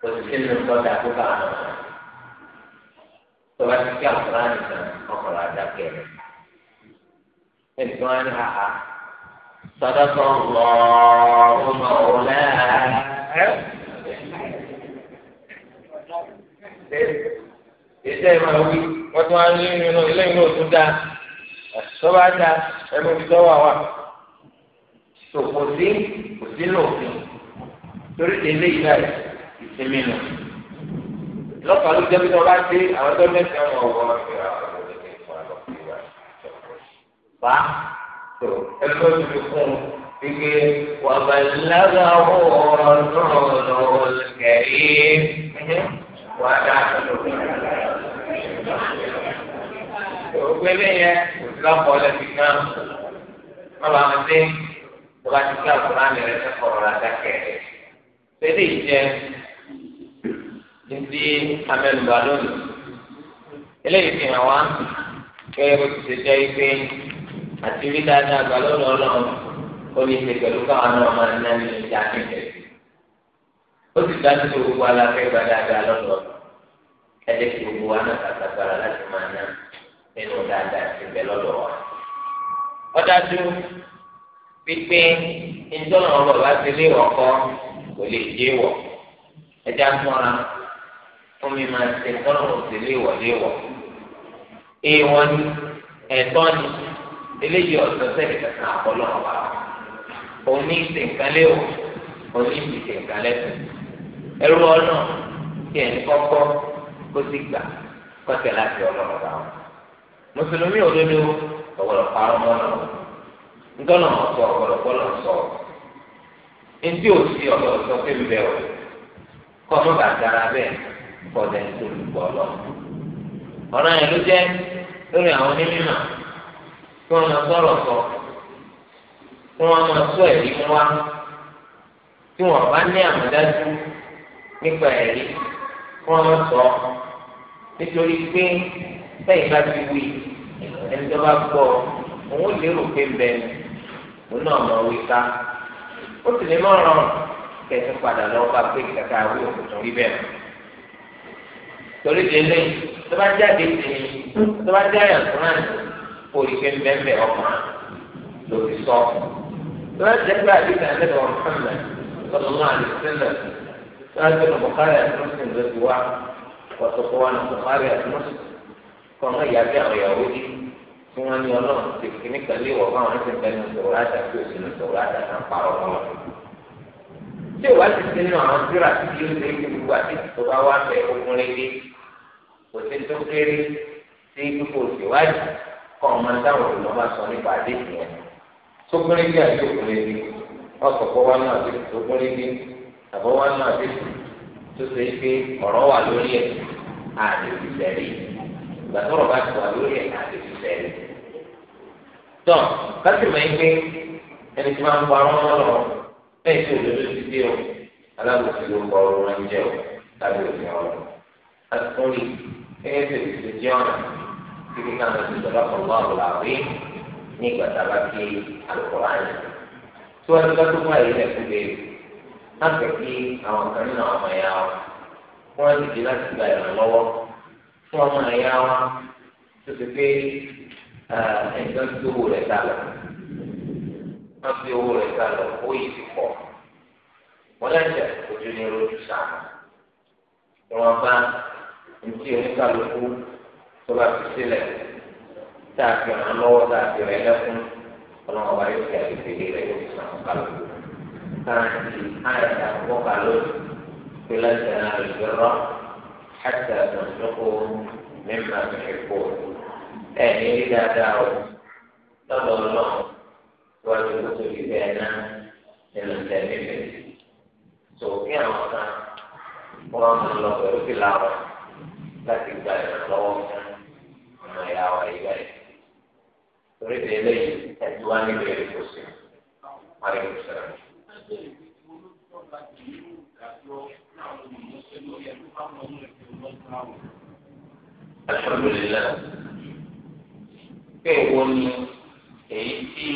kò sì sí nínú tọ́jà tó bá àwọn ọ̀nà tọ́ba ti kí àkùrá nìkan ọkọ̀rọ̀ àdàkẹ́ rẹ̀ ẹnìkan á ní àhà sọdọ́tọ̀ lọ ọmọ òlẹ́ ẹ̀ ìṣe ìmọ̀ wí wọ́n tún á ní inú ilé ìlú òtún dá tọ́ba dá ẹ̀mú fi tọ́wọ́ wa tòkòtì kò òfin torí tẹ́lẹ̀ yìí ìsinmi nù lọ́kàn ló jẹ́ bí wọ́n bá dé àwọn tó mẹ́sẹ̀ wọn wọ́n wọ́n fi àwọn ọmọdé ní ìfọ̀ àlọ́ fi wá fa tó ẹgbẹ́ tó fi kún gbígbé wà bá lára ọ̀rọ̀ náà kẹ̀rí wà dá tó gbé lẹ́yìn lọ́kọ̀ lẹ́bi náà wọ́n bá dé wọ́n ti ká àkùrá mi rẹ̀ sẹ́kọ̀ọ́ rẹ̀ dákẹ́ lẹ́yìn jẹ́ níbi amẹnubà lónìí eléyìí fi hàn wá kẹ́yẹ́ bó ti ṣe jẹ́ ipé àti rí dáadáa gbà lọ́dọ̀ ọlọ́run ó ní ṣe pẹ̀lú káwọn náà máa ń náni ìjà kẹ̀kẹ́ ó sì dájú pé gbogbo aláfẹ́ gba dáadáa lọ́dọ̀ ẹ̀jẹ̀ kí gbogbo wa náà kàtàkàrà láti máa ná nínú dáadáa ti bẹ̀ lọ́dọ̀ wa. ó dájú pípé ìjọ́nà ọmọ bàbá ti lé ọkọ kò lè jẹ́ wọ̀ ẹ̀jẹ̀ á fọ́nra omi máa ṣe tọ́lọ̀ ọ̀sẹ̀ léwọ̀ léwọ̀ èèwọ̀ ni ẹ̀tọ́ ni eléyìí ọ̀sẹ̀ sẹ́yìn kankan àkọlọ́ ọ̀bà òní ìsìnkálẹ̀ o òní ìsìnkálẹ̀ tó ẹrú ọ̀nà kí ẹni kọ́kọ́ kó sì gbà kọ́tẹ̀ láti ọlọ́run bá wọn mùsùlùmí òdodo ọ̀gbọ̀dọ̀ parọ́ mọ́ náà ntọ́nà ọ̀sọ̀ ọ̀gbọ̀dọ̀ gbọ́dọ̀ sọ ntí òsì ọ̀gbọ̀dọ̀ sọ pé ń bẹ̀ ọ́ kọ́ ọ kọjá ní olùgbọ́ lọ. ọ̀ràn yẹn ló jẹ́ lórí àwọn onímọ̀ kí wọ́n máa sọ̀rọ̀ sọ kí wọ́n máa sọ ẹ̀rí mú wá tí wọ́n bá ní àmọ̀dájú nípa ẹ̀rí kí wọ́n máa sọ nítorí pé sẹ́yìn bá ti wí ẹni tó bá gbọ́ òun lérò pé torí ti lé tó bá jáde tèmi tó bá jáde àtúnáà olùkẹ́ mbẹ́mbẹ́ ọkàn lòdì sọ tó bá jẹ́ pé àdìsí àlẹ́bọ̀ mọ̀hánmẹ́ sọlọ́mọ àdìsílẹ̀ tó bá jẹ́ bùkárì àtúnṣin ló ti wá wọ́sọ̀kọ́ wa ní bùkárì àtúnṣin kọ́ ọmọ ìyá bí àwọn ìyàwó dí tí wọ́n ní ọlọ́run ti kìnnìkan léwọ̀ fún àwọn ẹ̀sìn bẹ́ẹ̀ ní sọ̀rọ̀ àdàkì òsì ní sọ̀rọ̀ àdàkì àpárọ̀ ọlọ́run tí ìwà ti ti nínú àwọn tíra tí kì í ṣe é gbogbo àti tó bá wà bẹ ogun rere kò sí tó kéré sí pípò ìwádìí kọ́ ọmọ táwọn olùmọ̀ọ́mà sọ nípa adé ìyẹn tó kéré bí àti ogun rere ọkọ̀ pọ̀ wá náà ti tó kéré bí àbọ̀ wá náà ti tó ṣe é pé ọ̀rọ̀ wà lórí ẹ̀ àdèjì sẹ́rí ìgbà tó rọ̀ bá ti wà lórí ẹ̀ àdèjì sẹ́rí. tọ́ kásìmọ̀ yín ẹni tí máa ń parọ́ mọ́ lẹ́yìn tí òdodo ti dé o alábòsí ló kọ ọrùn wọn jẹ o lábẹ́ òfin ọ̀rọ̀ àtúnrí gẹ́gẹ́ bí òfin ti jẹ́ ọ̀nà tí kíkà náà ti sọ̀rọ̀ kan wà wọ́n àwí ní ìgbà tá a bá ké alùpùpù àyè tí wọ́n ti bá tó fún àyè rẹ̀ fún bẹ́ẹ̀ láti kí àwọn kan nínú àwọn ọmọ ẹ̀yà wa wọ́n ti di láti gba ìrànlọ́wọ́ fún ọmọ ẹ̀yà wa tó ti pé ẹ̀ńtọ́ tó wò rẹ̀ dà wọn fi owó rẹ̀ ta lọ owó yìí ti pọ̀ wọn lẹsẹ ojú ni rojú sàmù wọn bá ntí oníkàlùkù tó bá fi sílẹ̀ tá a fi hàn lọ́wọ́ tá a fi rẹ̀ lẹ́kún ọlọ́run ọba yóò fi àgbègbè rẹ̀ yóò fi sàmù kàlùkù káàkiri àyàtà àkọ́kọ́ lónìí pé lẹsẹ náà lè fi rọ àti àtúntò mímú àti ìkó ẹ ní dáadáa o lọ́dọ̀ ọlọ́run wájú tó tóbi bẹ́ẹ̀ náà nínú tẹ̀lé bẹ́ẹ̀. Sòkè àwọn kan wọ́n mú lọ pẹ̀lú fìlà wọn láti gba ìrànlọ́wọ́ fún ọmọ ìyá wa ìgbà yìí. Torí bẹ́ẹ̀ lẹ́yìn ẹ̀dùn wá nílò èrè kò sí. Wọ́n rí kò sọ̀rọ̀. Alhamdulilayi. Pé ni èyí tí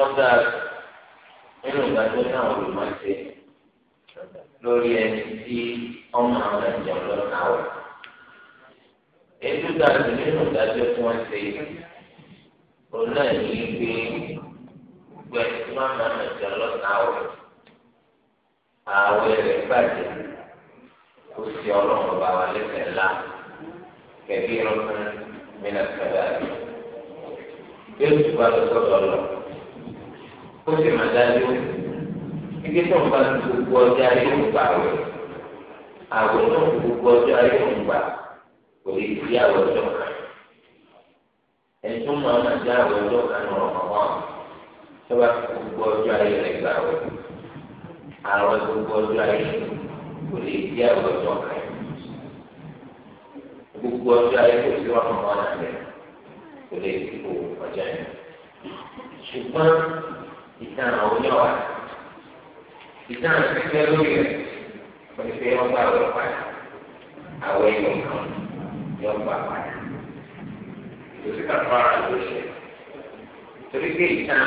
ọ̀dà nínú ìgbàgbọ́ náà ló máa ṣe lórí ẹni tí ọmọ àwọn ẹ̀jẹ̀ ọlọ́nà wọ̀. Ètò ìdájọ́ nínú ìdájọ́ tí wọ́n ṣe òun náà ní gbé gbogbo ẹni tí wọ́n máa ẹ̀jẹ̀ ọlọ́nà wọ̀. Ààwẹ̀ rẹ̀ bàjẹ́ kó sí ọlọ́run bá wa lẹ́sẹ̀ ńlá kẹ̀kẹ́ ìrọ̀kan mìíràn kẹ̀kẹ́ àti. Yóò tún bá lọ sọ́dọ̀ ọlọ́run ó sì máa dájú igi tó ń bá gbogbo ọjọ́ ayé ń gbà wẹ̀ àwọn tó ń gbogbo ọjọ́ ayé ń gbà kò lè di àwọn ọjọ́ kan ẹ̀sùn máa máa dá àwọn ọjọ́ kan ní ọ̀mọ̀mọ́ tó bá gbogbo ọjọ́ ayé rẹ̀ gbà wẹ̀ àwọn gbogbo ọjọ́ ayé kò lè di àwọn ọjọ́ kan gbogbo ọjọ́ ayé kò sí ọ̀mọ̀mọ́ náà lẹ̀ kò lè di gbogbo ọjọ́ yẹn ṣùgbọ́n ìtàn àwọn oníwà ìtàn àtẹ̀kẹ́ lórí rẹ̀ wọ́n ti fẹ́ ọgbà rẹ̀ padà àwọn èèyàn kan ní ọgbà padà lórí kàfàrà ló ṣe torí pé ìtàn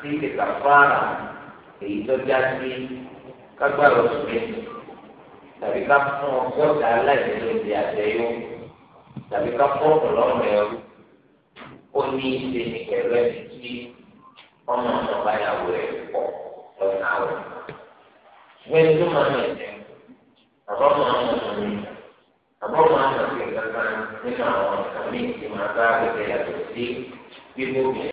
ti ti kàfàrà èyí tó já sí kágbára oṣù méjì tàbí ká fún ọgọ́ta aláìlélóde àtẹ̀yó tàbí ká fún ọ̀pọ̀lọpọ̀ ẹrú ó ní í ṣe ní ọmọ ọmọ báyàwó rẹ̀ pọ̀ lọ́nà àwẹ̀. wọ́n ti máa ń yẹn àbọ̀ máa ń mọ̀ mí àbọ̀ máa ń mọ̀ sí kankan nínú àwọn ọ̀sán mi ti máa bá àgbẹ̀dẹ̀ yàtọ̀ sí bíbó mi.